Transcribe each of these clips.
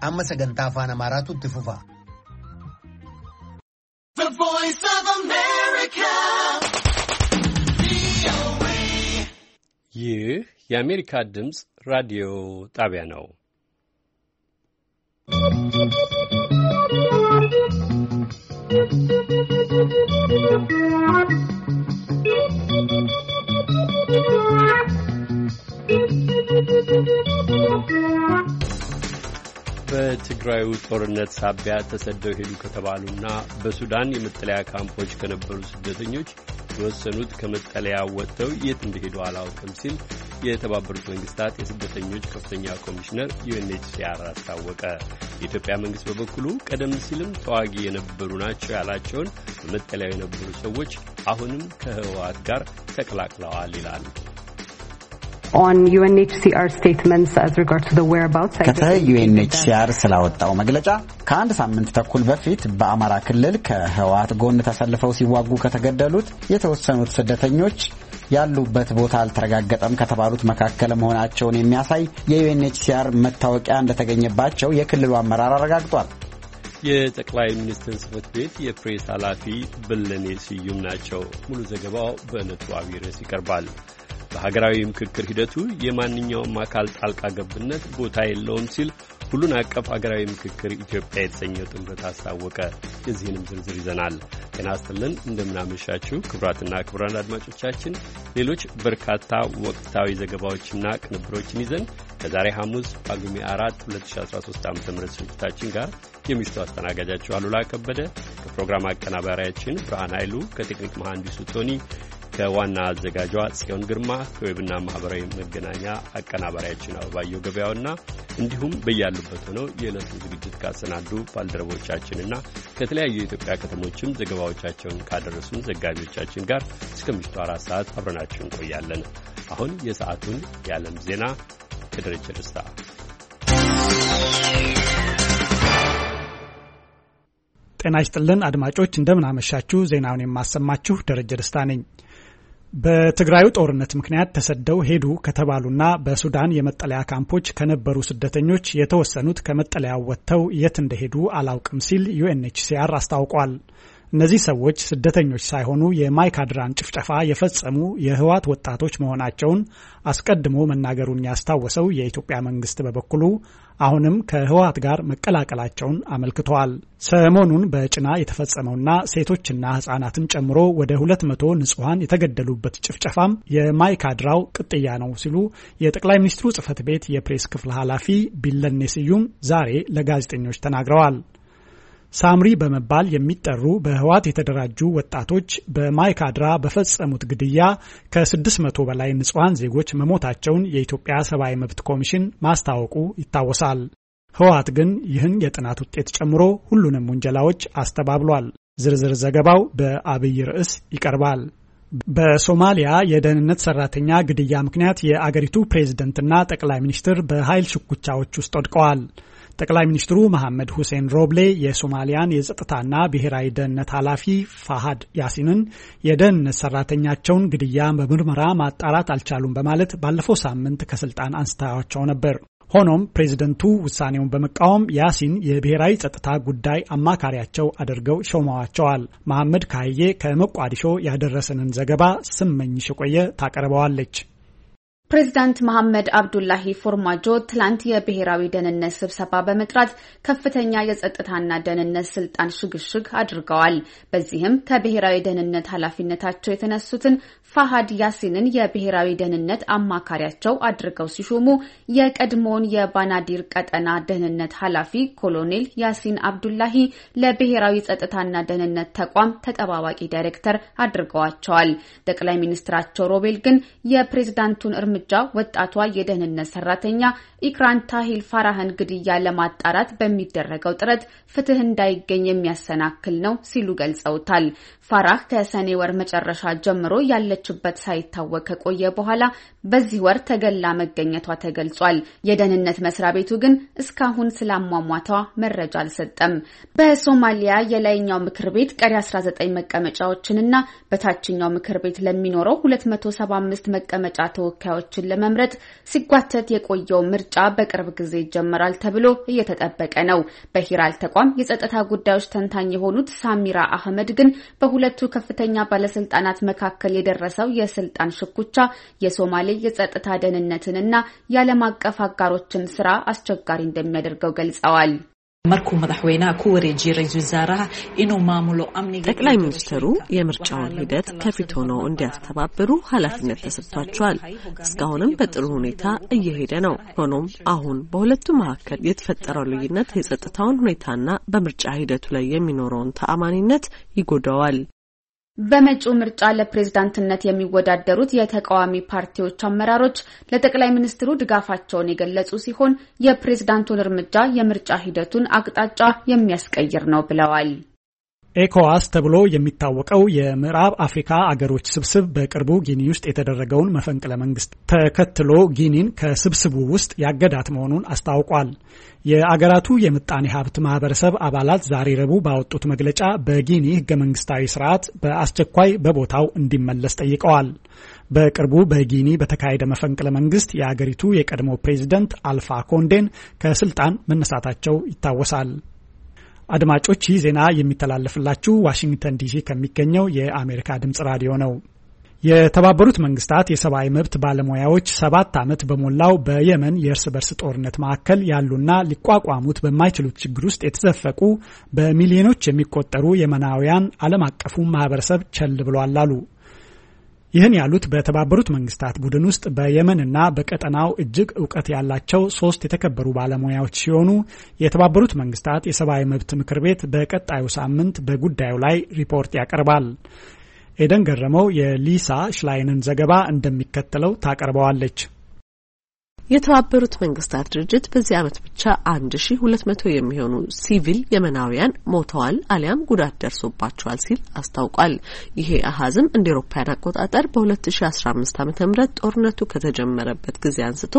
amma sagantaa afaan amaaraatu itti fufa. ይህ የአሜሪካ ድምፅ ራዲዮ ጣቢያ ነው። ¶¶ በትግራዩ ጦርነት ሳቢያ ተሰደው ሄዱ ከተባሉና በሱዳን የመጠለያ ካምፖች ከነበሩ ስደተኞች የወሰኑት ከመጠለያ ወጥተው የት እንደሄዱ አላውቅም ሲል የተባበሩት መንግስታት የስደተኞች ከፍተኛ ኮሚሽነር ዩኤንኤችሲአር አስታወቀ። የኢትዮጵያ መንግስት በበኩሉ ቀደም ሲልም ተዋጊ የነበሩ ናቸው ያላቸውን በመጠለያው የነበሩ ሰዎች አሁንም ከህወሓት ጋር ተቀላቅለዋል ይላል። ከዩኤንኤችሲአር ስላወጣው መግለጫ ከአንድ ሳምንት ተኩል በፊት በአማራ ክልል ከህወሓት ጎን ተሰልፈው ሲዋጉ ከተገደሉት የተወሰኑት ስደተኞች ያሉበት ቦታ አልተረጋገጠም ከተባሉት መካከል መሆናቸውን የሚያሳይ የዩኤንኤችሲአር መታወቂያ እንደተገኘባቸው የክልሉ አመራር አረጋግጧል። የጠቅላይ ሚኒስትር ጽህፈት ቤት የፕሬስ ኃላፊ ብለኔ ስዩም ናቸው። ሙሉ ዘገባው በዕለቱ አብይ ርዕስ ይቀርባል። በሀገራዊ ምክክር ሂደቱ የማንኛውም አካል ጣልቃ ገብነት ቦታ የለውም ሲል ሁሉን አቀፍ ሀገራዊ ምክክር ኢትዮጵያ የተሰኘው ጥምረት አስታወቀ። የዚህንም ዝርዝር ይዘናል። ጤና ይስጥልን፣ እንደምናመሻችሁ ክቡራትና ክቡራን አድማጮቻችን ሌሎች በርካታ ወቅታዊ ዘገባዎችና ቅንብሮችን ይዘን ከዛሬ ሐሙስ ጳጉሜ 4 2013 ዓ ም ስርጭታችን ጋር የምሽቱ አስተናጋጃችሁ አሉላ ከበደ ከፕሮግራም አቀናባሪያችን ብርሃን ኃይሉ ከቴክኒክ መሐንዲሱ ቶኒ ከዋና አዘጋጇ ጽዮን ግርማ ከዌብና ማኅበራዊ መገናኛ አቀናባሪያችን አበባየው ገበያውና እንዲሁም በያሉበት ሆነው የዕለቱ ዝግጅት ካሰናዱ ባልደረቦቻችንና ከተለያዩ የኢትዮጵያ ከተሞችም ዘገባዎቻቸውን ካደረሱን ዘጋቢዎቻችን ጋር እስከ ምሽቱ አራት ሰዓት አብረናችሁ እንቆያለን። አሁን የሰዓቱን የዓለም ዜና ከደረጀ ደስታ ጤና ይስጥልን አድማጮች፣ አመሻችሁ ዜናውን የማሰማችሁ ደረጀ ደስታ ነኝ። በትግራዩ ጦርነት ምክንያት ተሰደው ሄዱ ከተባሉና በሱዳን የመጠለያ ካምፖች ከነበሩ ስደተኞች የተወሰኑት ከመጠለያው ወጥተው የት እንደሄዱ አላውቅም ሲል ዩኤንኤችሲአር አስታውቋል። እነዚህ ሰዎች ስደተኞች ሳይሆኑ የማይካድራን ጭፍጨፋ የፈጸሙ የህወሓት ወጣቶች መሆናቸውን አስቀድሞ መናገሩን ያስታወሰው የኢትዮጵያ መንግስት በበኩሉ አሁንም ከህወሀት ጋር መቀላቀላቸውን አመልክተዋል። ሰሞኑን በጭና የተፈጸመውና ሴቶችና ህጻናትን ጨምሮ ወደ ሁለት መቶ ንጹሐን የተገደሉበት ጭፍጨፋም የማይካድራው ቅጥያ ነው ሲሉ የጠቅላይ ሚኒስትሩ ጽህፈት ቤት የፕሬስ ክፍል ኃላፊ ቢለኔ ስዩም ዛሬ ለጋዜጠኞች ተናግረዋል። ሳምሪ በመባል የሚጠሩ በህወሓት የተደራጁ ወጣቶች በማይካድራ በፈጸሙት ግድያ ከ600 በላይ ንጹሐን ዜጎች መሞታቸውን የኢትዮጵያ ሰብአዊ መብት ኮሚሽን ማስታወቁ ይታወሳል። ህወሓት ግን ይህን የጥናት ውጤት ጨምሮ ሁሉንም ውንጀላዎች አስተባብሏል። ዝርዝር ዘገባው በአብይ ርዕስ ይቀርባል። በሶማሊያ የደህንነት ሰራተኛ ግድያ ምክንያት የአገሪቱ ፕሬዝደንትና ጠቅላይ ሚኒስትር በኃይል ሽኩቻዎች ውስጥ ወድቀዋል። ጠቅላይ ሚኒስትሩ መሐመድ ሁሴን ሮብሌ የሶማሊያን የጸጥታና ብሔራዊ ደህንነት ኃላፊ ፋሃድ ያሲንን የደህንነት ሰራተኛቸውን ግድያ በምርመራ ማጣራት አልቻሉም በማለት ባለፈው ሳምንት ከስልጣን አንስተዋቸው ነበር። ሆኖም ፕሬዝደንቱ ውሳኔውን በመቃወም ያሲን የብሔራዊ ጸጥታ ጉዳይ አማካሪያቸው አድርገው ሾመዋቸዋል። መሐመድ ካህዬ ከመቋዲሾ ያደረሰንን ዘገባ ስመኝሽ ቆየ ታቀርበዋለች። ፕሬዚዳንት መሐመድ አብዱላሂ ፎርማጆ ትላንት የብሔራዊ ደህንነት ስብሰባ በመጥራት ከፍተኛ የጸጥታና ደህንነት ስልጣን ሽግሽግ አድርገዋል። በዚህም ከብሔራዊ ደህንነት ኃላፊነታቸው የተነሱትን ፋሃድ ያሲንን የብሔራዊ ደህንነት አማካሪያቸው አድርገው ሲሾሙ የቀድሞውን የባናዲር ቀጠና ደህንነት ኃላፊ ኮሎኔል ያሲን አብዱላሂ ለብሔራዊ ጸጥታና ደህንነት ተቋም ተጠባባቂ ዳይሬክተር አድርገዋቸዋል። ጠቅላይ ሚኒስትራቸው ሮቤል ግን የፕሬዝዳንቱን እርምጃ ወጣቷ የደህንነት ሰራተኛ ኢክራን ታሂል ፋራህን ግድያ ለማጣራት በሚደረገው ጥረት ፍትህ እንዳይገኝ የሚያሰናክል ነው ሲሉ ገልጸውታል። ፋራህ ከሰኔ ወር መጨረሻ ጀምሮ ያለ የተወለደችበት ሳይታወቅ ከቆየ በኋላ በዚህ ወር ተገላ መገኘቷ ተገልጿል። የደህንነት መስሪያ ቤቱ ግን እስካሁን ስላሟሟቷ መረጃ አልሰጠም። በሶማሊያ የላይኛው ምክር ቤት ቀሪ 19 መቀመጫዎችንና በታችኛው ምክር ቤት ለሚኖረው 275 መቀመጫ ተወካዮችን ለመምረጥ ሲጓተት የቆየው ምርጫ በቅርብ ጊዜ ይጀመራል ተብሎ እየተጠበቀ ነው። በሂራል ተቋም የጸጥታ ጉዳዮች ተንታኝ የሆኑት ሳሚራ አህመድ ግን በሁለቱ ከፍተኛ ባለስልጣናት መካከል የደረሰ የደረሰው የስልጣን ሽኩቻ የሶማሌ የጸጥታ ደህንነትንና የዓለም አቀፍ አጋሮችን ስራ አስቸጋሪ እንደሚያደርገው ገልጸዋል። መርኩ መዳሕወይና ኩወሬጂ ረይዙ ዛራህ ኢኑ ማሙሎ አምኒ ጠቅላይ ሚኒስትሩ የምርጫውን ሂደት ከፊት ሆነው እንዲያስተባብሩ ኃላፊነት ተሰጥቷቸዋል። እስካሁንም በጥሩ ሁኔታ እየሄደ ነው። ሆኖም አሁን በሁለቱ መካከል የተፈጠረው ልዩነት የጸጥታውን ሁኔታና በምርጫ ሂደቱ ላይ የሚኖረውን ተአማኒነት ይጎዳዋል። በመጪው ምርጫ ለፕሬዝዳንትነት የሚወዳደሩት የተቃዋሚ ፓርቲዎች አመራሮች ለጠቅላይ ሚኒስትሩ ድጋፋቸውን የገለጹ ሲሆን የፕሬዝዳንቱን እርምጃ የምርጫ ሂደቱን አቅጣጫ የሚያስቀይር ነው ብለዋል። ኤኮዋስ ተብሎ የሚታወቀው የምዕራብ አፍሪካ አገሮች ስብስብ በቅርቡ ጊኒ ውስጥ የተደረገውን መፈንቅለ መንግስት ተከትሎ ጊኒን ከስብስቡ ውስጥ ያገዳት መሆኑን አስታውቋል። የአገራቱ የምጣኔ ሀብት ማህበረሰብ አባላት ዛሬ ረቡዕ ባወጡት መግለጫ በጊኒ ህገ መንግስታዊ ስርዓት በአስቸኳይ በቦታው እንዲመለስ ጠይቀዋል። በቅርቡ በጊኒ በተካሄደ መፈንቅለ መንግስት የአገሪቱ የቀድሞ ፕሬዚደንት አልፋ ኮንዴን ከስልጣን መነሳታቸው ይታወሳል። አድማጮች ይህ ዜና የሚተላለፍላችሁ ዋሽንግተን ዲሲ ከሚገኘው የአሜሪካ ድምጽ ራዲዮ ነው። የተባበሩት መንግስታት የሰብአዊ መብት ባለሙያዎች ሰባት ዓመት በሞላው በየመን የእርስ በርስ ጦርነት መካከል ያሉና ሊቋቋሙት በማይችሉት ችግር ውስጥ የተዘፈቁ በሚሊዮኖች የሚቆጠሩ የመናውያን ዓለም አቀፉ ማህበረሰብ ቸል ብሏል አሉ። ይህን ያሉት በተባበሩት መንግስታት ቡድን ውስጥ በየመንና በቀጠናው እጅግ እውቀት ያላቸው ሶስት የተከበሩ ባለሙያዎች ሲሆኑ የተባበሩት መንግስታት የሰብአዊ መብት ምክር ቤት በቀጣዩ ሳምንት በጉዳዩ ላይ ሪፖርት ያቀርባል። ኤደን ገረመው የሊሳ ሽላይንን ዘገባ እንደሚከተለው ታቀርበዋለች። የተባበሩት መንግስታት ድርጅት በዚህ ዓመት ብቻ አንድ ሺ ሁለት መቶ የሚሆኑ ሲቪል የመናውያን ሞተዋል አሊያም ጉዳት ደርሶባቸዋል ሲል አስታውቋል። ይሄ አሀዝም እንደ ኤሮፓያን አቆጣጠር በ ሺ አስራ አምስት ጦርነቱ ከተጀመረበት ጊዜ አንስቶ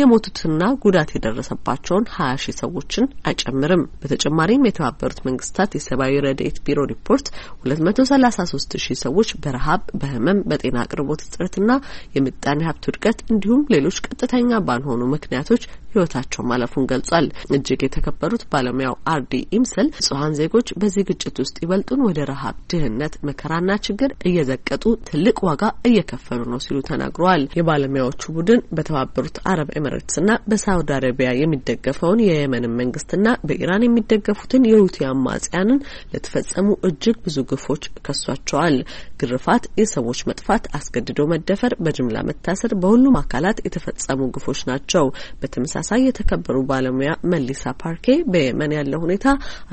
የሞቱትና ጉዳት የደረሰባቸውን ሀያ ሺ ሰዎችን አይጨምርም። በተጨማሪም የተባበሩት መንግስታት የሰብአዊ ረድኤት ቢሮ ሪፖርት ሁለት መቶ ሰላሳ ሶስት ሺ ሰዎች በረሀብ፣ በህመም፣ በጤና አቅርቦት እጥረትና የምጣኔ ሀብት ውድቀት እንዲሁም ሌሎች ቀጥተኛ ባልሆኑ ምክንያቶች ህይወታቸው ማለፉን ገልጿል። እጅግ የተከበሩት ባለሙያው አርዲ ኢምስል ንጹሀን ዜጎች በዚህ ግጭት ውስጥ ይበልጡን ወደ ረሀብ፣ ድህነት፣ መከራና ችግር እየዘቀጡ ትልቅ ዋጋ እየከፈሉ ነው ሲሉ ተናግረዋል። የባለሙያዎቹ ቡድን በተባበሩት አረብ ኤምሬትስና በሳውዲ አረቢያ የሚደገፈውን የየመንን መንግስትና በኢራን የሚደገፉትን የሁቲ አማጽያንን ለተፈጸሙ እጅግ ብዙ ግፎች ከሷቸዋል። ግርፋት፣ የሰዎች መጥፋት፣ አስገድዶ መደፈር፣ በጅምላ መታሰር በሁሉም አካላት የተፈጸሙ ግፎች ኃላፊዎች ናቸው። በተመሳሳይ የተከበሩ ባለሙያ መሊሳ ፓርኬ በየመን ያለው ሁኔታ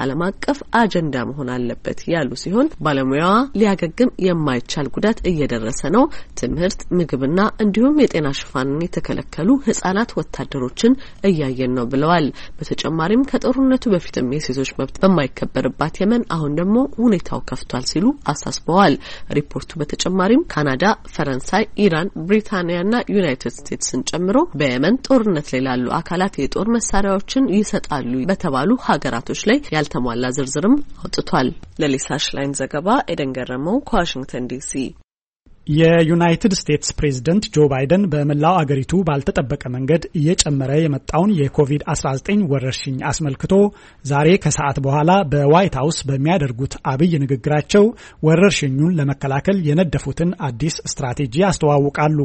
ዓለም አቀፍ አጀንዳ መሆን አለበት ያሉ ሲሆን ባለሙያዋ ሊያገግም የማይቻል ጉዳት እየደረሰ ነው፣ ትምህርት፣ ምግብና እንዲሁም የጤና ሽፋንን የተከለከሉ ህጻናት ወታደሮችን እያየን ነው ብለዋል። በተጨማሪም ከጦርነቱ በፊትም የሴቶች መብት በማይከበርባት የመን አሁን ደግሞ ሁኔታው ከፍቷል ሲሉ አሳስበዋል። ሪፖርቱ በተጨማሪም ካናዳ፣ ፈረንሳይ፣ ኢራን፣ ብሪታንያና ዩናይትድ ስቴትስን ጨምሮ በ የመን ጦርነት ላይ ላሉ አካላት የጦር መሳሪያዎችን ይሰጣሉ በተባሉ ሀገራቶች ላይ ያልተሟላ ዝርዝርም አውጥቷል። ለሊሳ ሽላይን ዘገባ ኤደን ገረመው ከዋሽንግተን ዲሲ። የዩናይትድ ስቴትስ ፕሬዝደንት ጆ ባይደን በመላው አገሪቱ ባልተጠበቀ መንገድ እየጨመረ የመጣውን የኮቪድ-19 ወረርሽኝ አስመልክቶ ዛሬ ከሰዓት በኋላ በዋይት ሀውስ በሚያደርጉት አብይ ንግግራቸው ወረርሽኙን ለመከላከል የነደፉትን አዲስ ስትራቴጂ አስተዋውቃሉ።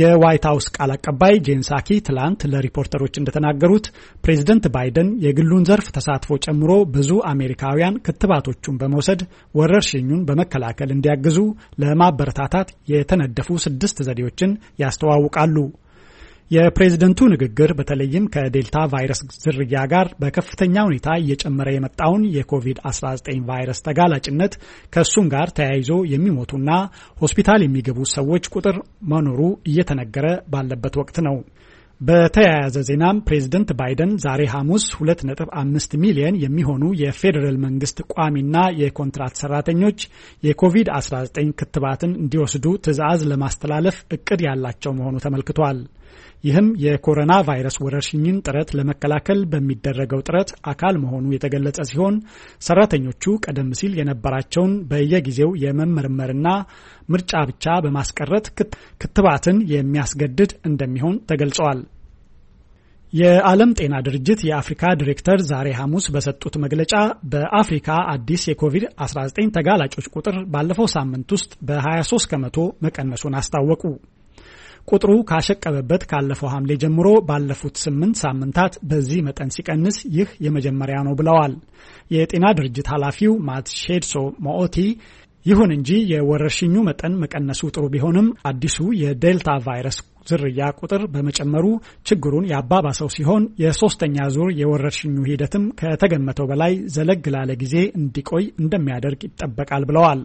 የዋይት ሀውስ ቃል አቀባይ ጄን ሳኪ ትላንት ለሪፖርተሮች እንደተናገሩት ፕሬዝደንት ባይደን የግሉን ዘርፍ ተሳትፎ ጨምሮ ብዙ አሜሪካውያን ክትባቶቹን በመውሰድ ወረርሽኙን በመከላከል እንዲያግዙ ለማበረታታት የተነደፉ ስድስት ዘዴዎችን ያስተዋውቃሉ። የፕሬዝደንቱ ንግግር በተለይም ከዴልታ ቫይረስ ዝርያ ጋር በከፍተኛ ሁኔታ እየጨመረ የመጣውን የኮቪድ-19 ቫይረስ ተጋላጭነት ከእሱም ጋር ተያይዞ የሚሞቱና ሆስፒታል የሚገቡ ሰዎች ቁጥር መኖሩ እየተነገረ ባለበት ወቅት ነው። በተያያዘ ዜናም ፕሬዝደንት ባይደን ዛሬ ሐሙስ 2.5 ሚሊየን የሚሆኑ የፌዴራል መንግስት ቋሚና የኮንትራት ሰራተኞች የኮቪድ-19 ክትባትን እንዲወስዱ ትዕዛዝ ለማስተላለፍ እቅድ ያላቸው መሆኑ ተመልክቷል። ይህም የኮሮና ቫይረስ ወረርሽኝን ጥረት ለመከላከል በሚደረገው ጥረት አካል መሆኑ የተገለጸ ሲሆን ሰራተኞቹ ቀደም ሲል የነበራቸውን በየጊዜው የመመርመርና ምርጫ ብቻ በማስቀረት ክትባትን የሚያስገድድ እንደሚሆን ተገልጸዋል። የዓለም ጤና ድርጅት የአፍሪካ ዲሬክተር ዛሬ ሐሙስ በሰጡት መግለጫ በአፍሪካ አዲስ የኮቪድ-19 ተጋላጮች ቁጥር ባለፈው ሳምንት ውስጥ በ23 ከመቶ መቀነሱን አስታወቁ። ቁጥሩ ካሸቀበበት ካለፈው ሐምሌ ጀምሮ ባለፉት ስምንት ሳምንታት በዚህ መጠን ሲቀንስ ይህ የመጀመሪያ ነው ብለዋል። የጤና ድርጅት ኃላፊው ሼድሶ ሞኦቲ ይሁን እንጂ የወረርሽኙ መጠን መቀነሱ ጥሩ ቢሆንም አዲሱ የዴልታ ቫይረስ ዝርያ ቁጥር በመጨመሩ ችግሩን ያባባሰው ሲሆን የሶስተኛ ዙር የወረርሽኙ ሂደትም ከተገመተው በላይ ዘለግ ላለ ጊዜ እንዲቆይ እንደሚያደርግ ይጠበቃል ብለዋል።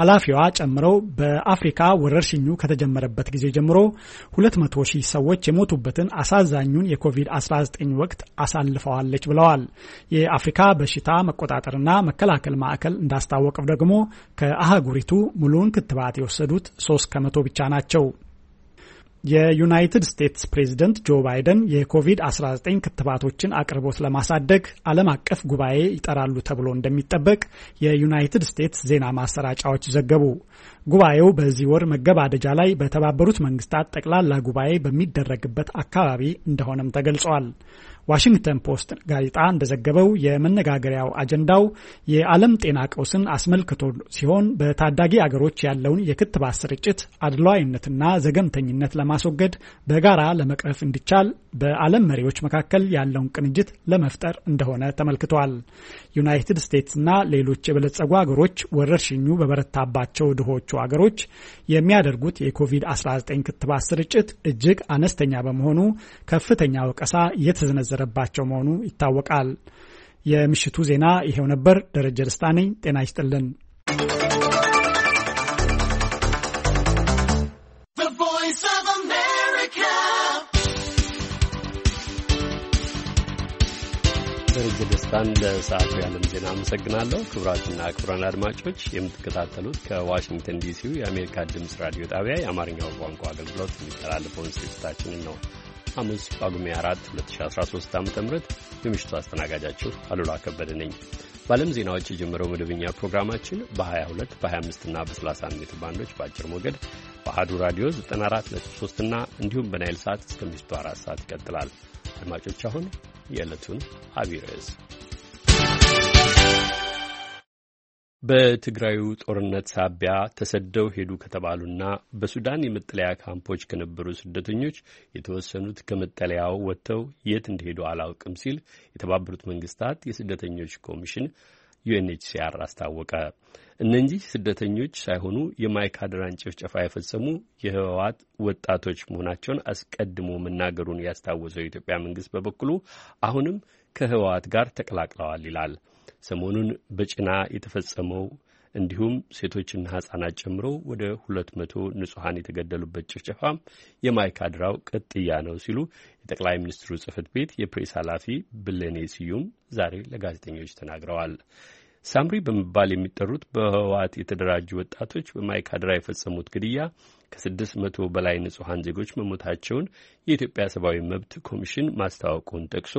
ኃላፊዋ ጨምረው በአፍሪካ ወረርሽኙ ከተጀመረበት ጊዜ ጀምሮ 200 ሺህ ሰዎች የሞቱበትን አሳዛኙን የኮቪድ-19 ወቅት አሳልፈዋለች ብለዋል። የአፍሪካ በሽታ መቆጣጠርና መከላከል ማዕከል እንዳስታወቀው ደግሞ ከአህጉሪቱ ሙሉውን ክትባት የወሰዱት 3 ከመቶ ብቻ ናቸው። የዩናይትድ ስቴትስ ፕሬዝደንት ጆ ባይደን የኮቪድ-19 ክትባቶችን አቅርቦት ለማሳደግ ዓለም አቀፍ ጉባኤ ይጠራሉ ተብሎ እንደሚጠበቅ የዩናይትድ ስቴትስ ዜና ማሰራጫዎች ዘገቡ። ጉባኤው በዚህ ወር መገባደጃ ላይ በተባበሩት መንግስታት ጠቅላላ ጉባኤ በሚደረግበት አካባቢ እንደሆነም ተገልጿል። ዋሽንግተን ፖስት ጋዜጣ እንደዘገበው የመነጋገሪያው አጀንዳው የዓለም ጤና ቀውስን አስመልክቶ ሲሆን በታዳጊ አገሮች ያለውን የክትባት ስርጭት አድሏዊነትና ዘገምተኝነት ለማስወገድ በጋራ ለመቅረፍ እንዲቻል በዓለም መሪዎች መካከል ያለውን ቅንጅት ለመፍጠር እንደሆነ ተመልክቷል። ዩናይትድ ስቴትስና ሌሎች የበለጸጉ አገሮች ወረርሽኙ በበረታባቸው ድሆቹ አገሮች የሚያደርጉት የኮቪድ-19 ክትባት ስርጭት እጅግ አነስተኛ በመሆኑ ከፍተኛ ወቀሳ እየተዘነዘ የተሰነዘረባቸው መሆኑ ይታወቃል። የምሽቱ ዜና ይሄው ነበር። ደረጀ ደስታ ነኝ። ጤና ይስጥልን። ደረጀ ደስታን ለሰዓቱ የዓለም ዜና አመሰግናለሁ። ክቡራትና ክቡራን አድማጮች የምትከታተሉት ከዋሽንግተን ዲሲው የአሜሪካ ድምፅ ራዲዮ ጣቢያ የአማርኛው ቋንቋ አገልግሎት የሚተላለፈውን ስርጭታችንን ነው። ሐሙስ ጳጉሜ 4 2013 ዓ ም የምሽቱ አስተናጋጃችሁ አሉላ ከበደ ነኝ። በዓለም ዜናዎች የጀመረው መደበኛ ፕሮግራማችን በ22 በ25 እና በ31 ሜትር ባንዶች በአጭር ሞገድ በአህዱ ራዲዮ 94.3 እና እንዲሁም በናይል ሰዓት እስከ ምሽቱ 4 ሰዓት ይቀጥላል። አድማጮች አሁን የዕለቱን አብይ ርዕስ በትግራዩ ጦርነት ሳቢያ ተሰደው ሄዱ ከተባሉና በሱዳን የመጠለያ ካምፖች ከነበሩ ስደተኞች የተወሰኑት ከመጠለያው ወጥተው የት እንደሄዱ አላውቅም ሲል የተባበሩት መንግስታት የስደተኞች ኮሚሽን ዩኤንኤችሲአር አስታወቀ። እነዚህ ስደተኞች ሳይሆኑ የማይካድራን ጭፍጨፋ የፈጸሙ የህወሓት ወጣቶች መሆናቸውን አስቀድሞ መናገሩን ያስታወሰው የኢትዮጵያ መንግስት በበኩሉ አሁንም ከህወሓት ጋር ተቀላቅለዋል ይላል። ሰሞኑን በጭና የተፈጸመው እንዲሁም ሴቶችና ሕጻናት ጨምሮ ወደ ሁለት መቶ ንጹሐን የተገደሉበት ጭፍጨፋም የማይካድራው ቅጥያ ነው ሲሉ የጠቅላይ ሚኒስትሩ ጽህፈት ቤት የፕሬስ ኃላፊ ብለኔ ስዩም ዛሬ ለጋዜጠኞች ተናግረዋል። ሳምሪ በመባል የሚጠሩት በህወሓት የተደራጁ ወጣቶች በማይካድራ የፈጸሙት ግድያ ከስድስት መቶ በላይ ንጹሐን ዜጎች መሞታቸውን የኢትዮጵያ ሰብአዊ መብት ኮሚሽን ማስታወቁን ጠቅሶ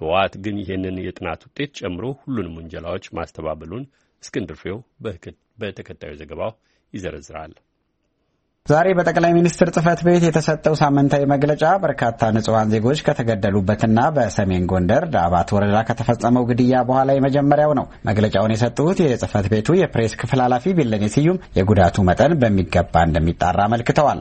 ህወሓት ግን ይህንን የጥናት ውጤት ጨምሮ ሁሉንም ውንጀላዎች ማስተባበሉን እስክንድር ፍሬው በተከታዩ ዘገባው ይዘረዝራል። ዛሬ በጠቅላይ ሚኒስትር ጽህፈት ቤት የተሰጠው ሳምንታዊ መግለጫ በርካታ ንጹሐን ዜጎች ከተገደሉበትና በሰሜን ጎንደር ዳባት ወረዳ ከተፈጸመው ግድያ በኋላ የመጀመሪያው ነው። መግለጫውን የሰጡት የጽህፈት ቤቱ የፕሬስ ክፍል ኃላፊ ቢለኔ ስዩም የጉዳቱ መጠን በሚገባ እንደሚጣራ አመልክተዋል።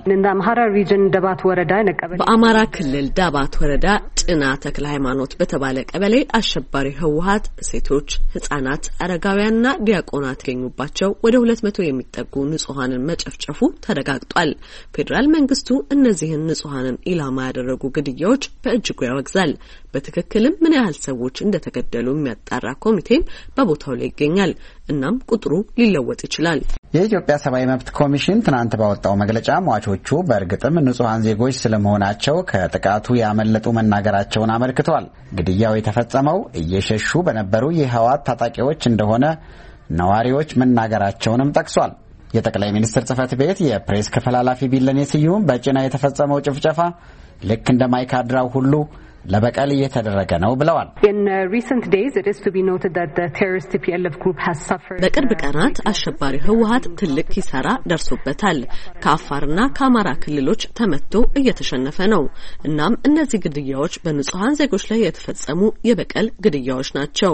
በአማራ ክልል ዳባት ወረዳ ጭና ተክለ ሃይማኖት በተባለ ቀበሌ አሸባሪ ህወሀት ሴቶች፣ ህጻናት፣ አረጋውያንና ዲያቆናት ገኙባቸው ወደ ሁለት መቶ የሚጠጉ ንጹሐንን መጨፍጨፉ ተረጋግጧል። ገልጧል። ፌዴራል መንግስቱ እነዚህን ንጹሐንን ኢላማ ያደረጉ ግድያዎች በእጅጉ ያወግዛል። በትክክልም ምን ያህል ሰዎች እንደተገደሉ የሚያጣራ ኮሚቴም በቦታው ላይ ይገኛል። እናም ቁጥሩ ሊለወጥ ይችላል። የኢትዮጵያ ሰብአዊ መብት ኮሚሽን ትናንት ባወጣው መግለጫ ሟቾቹ በእርግጥም ንጹሐን ዜጎች ስለመሆናቸው ከጥቃቱ ያመለጡ መናገራቸውን አመልክቷል። ግድያው የተፈጸመው እየሸሹ በነበሩ የህወሓት ታጣቂዎች እንደሆነ ነዋሪዎች መናገራቸውንም ጠቅሷል። የጠቅላይ ሚኒስትር ጽህፈት ቤት የፕሬስ ክፍል ኃላፊ ቢለኔ ስዩም በጭና የተፈጸመው ጭፍጨፋ ልክ እንደ ማይካድራው ሁሉ ለበቀል እየተደረገ ነው ብለዋል። uh, በቅርብ uh, ቀናት አሸባሪው ህወሀት ትልቅ ኪሳራ ደርሶበታል። ከአፋርና ከአማራ ክልሎች ተመቶ እየተሸነፈ ነው። እናም እነዚህ ግድያዎች በንጹሐን ዜጎች ላይ የተፈጸሙ የበቀል ግድያዎች ናቸው።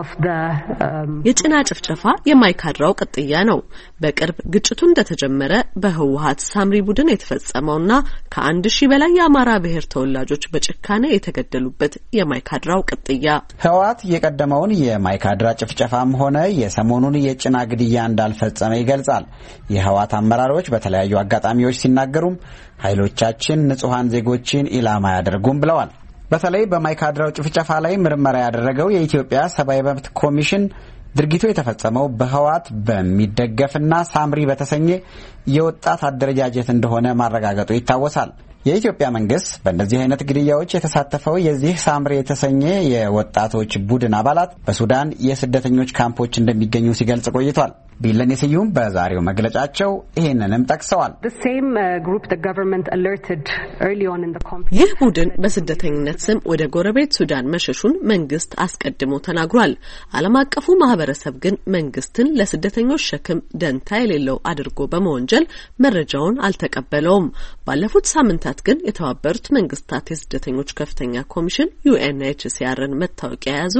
um, የጭና ጭፍጨፋ የማይካድራው ቅጥያ ነው። በቅርብ ግጭቱ እንደተጀመረ በህወሀት ሳምሪ ቡድን የተፈጸመውና ከአንድ ሺህ በላይ የአማራ ብሔር ተወላጆች በጭካኔ የተገደሉበት የማይካድራው ቅጥያ ህወሓት የቀደመውን የማይካድራ ጭፍጨፋም ሆነ የሰሞኑን የጭና ግድያ እንዳልፈጸመ ይገልጻል። የህወሓት አመራሮች በተለያዩ አጋጣሚዎች ሲናገሩም ኃይሎቻችን ንጹሐን ዜጎችን ኢላማ አያደርጉም ብለዋል። በተለይ በማይካድራው ጭፍጨፋ ላይ ምርመራ ያደረገው የኢትዮጵያ ሰብአዊ መብት ኮሚሽን ድርጊቱ የተፈጸመው በህወሓት በሚደገፍና ሳምሪ በተሰኘ የወጣት አደረጃጀት እንደሆነ ማረጋገጡ ይታወሳል። የኢትዮጵያ መንግስት በእነዚህ አይነት ግድያዎች የተሳተፈው የዚህ ሳምሬ የተሰኘ የወጣቶች ቡድን አባላት በሱዳን የስደተኞች ካምፖች እንደሚገኙ ሲገልጽ ቆይቷል። ቢለኔ ስዩም በዛሬው መግለጫቸው ይህንንም ጠቅሰዋል። uh, ይህ ቡድን በስደተኝነት ስም ወደ ጎረቤት ሱዳን መሸሹን መንግስት አስቀድሞ ተናግሯል። ዓለም አቀፉ ማህበረሰብ ግን መንግስትን ለስደተኞች ሸክም ደንታ የሌለው አድርጎ በመወንጀል መረጃውን አልተቀበለውም። ባለፉት ሳምንታት ግን የተባበሩት መንግስታት የስደተኞች ከፍተኛ ኮሚሽን ዩኤንኤችሲአርን መታወቂያ የያዙ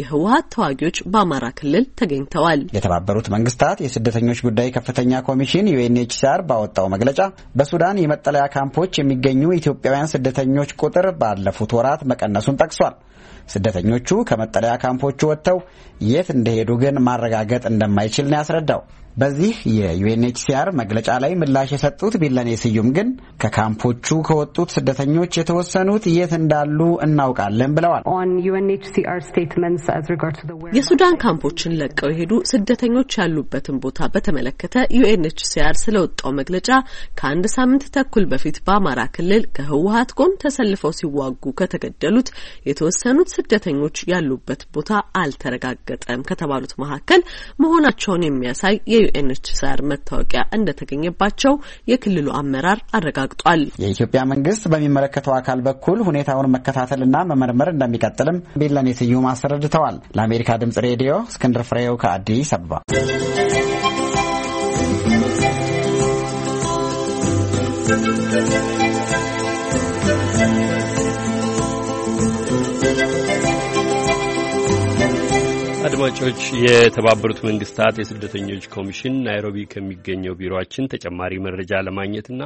የህወሀት ተዋጊዎች በአማራ ክልል ተገኝተዋል። የተባበሩት መንግስታት መንግስታት የስደተኞች ጉዳይ ከፍተኛ ኮሚሽን ዩኤንኤችሲአር ባወጣው መግለጫ በሱዳን የመጠለያ ካምፖች የሚገኙ ኢትዮጵያውያን ስደተኞች ቁጥር ባለፉት ወራት መቀነሱን ጠቅሷል። ስደተኞቹ ከመጠለያ ካምፖቹ ወጥተው የት እንደሄዱ ግን ማረጋገጥ እንደማይችል ነው ያስረዳው። በዚህ የዩኤንኤችሲአር መግለጫ ላይ ምላሽ የሰጡት ቢለኔ ስዩም ግን ከካምፖቹ ከወጡት ስደተኞች የተወሰኑት የት እንዳሉ እናውቃለን ብለዋል። የሱዳን ካምፖችን ለቀው የሄዱ ስደተኞች ያሉበትን ቦታ በተመለከተ ዩኤንኤችሲአር ስለወጣው መግለጫ ከአንድ ሳምንት ተኩል በፊት በአማራ ክልል ከህወሀት ጎን ተሰልፈው ሲዋጉ ከተገደሉት የተወሰኑት ስደተኞች ያሉበት ቦታ አልተረጋገጠም አልተረጋገጠም ከተባሉት መካከል መሆናቸውን የሚያሳይ የዩኤንኤችሲአር መታወቂያ እንደተገኘባቸው የክልሉ አመራር አረጋግጧል። የኢትዮጵያ መንግስት በሚመለከተው አካል በኩል ሁኔታውን መከታተልና መመርመር እንደሚቀጥልም ቢለኔ ስዩም አስረድተዋል። ለአሜሪካ ድምጽ ሬዲዮ እስክንድር ፍሬው ከአዲስ አበባ። Thank you. አድማጮች የተባበሩት መንግስታት የስደተኞች ኮሚሽን ናይሮቢ ከሚገኘው ቢሮችን ተጨማሪ መረጃ ለማግኘትና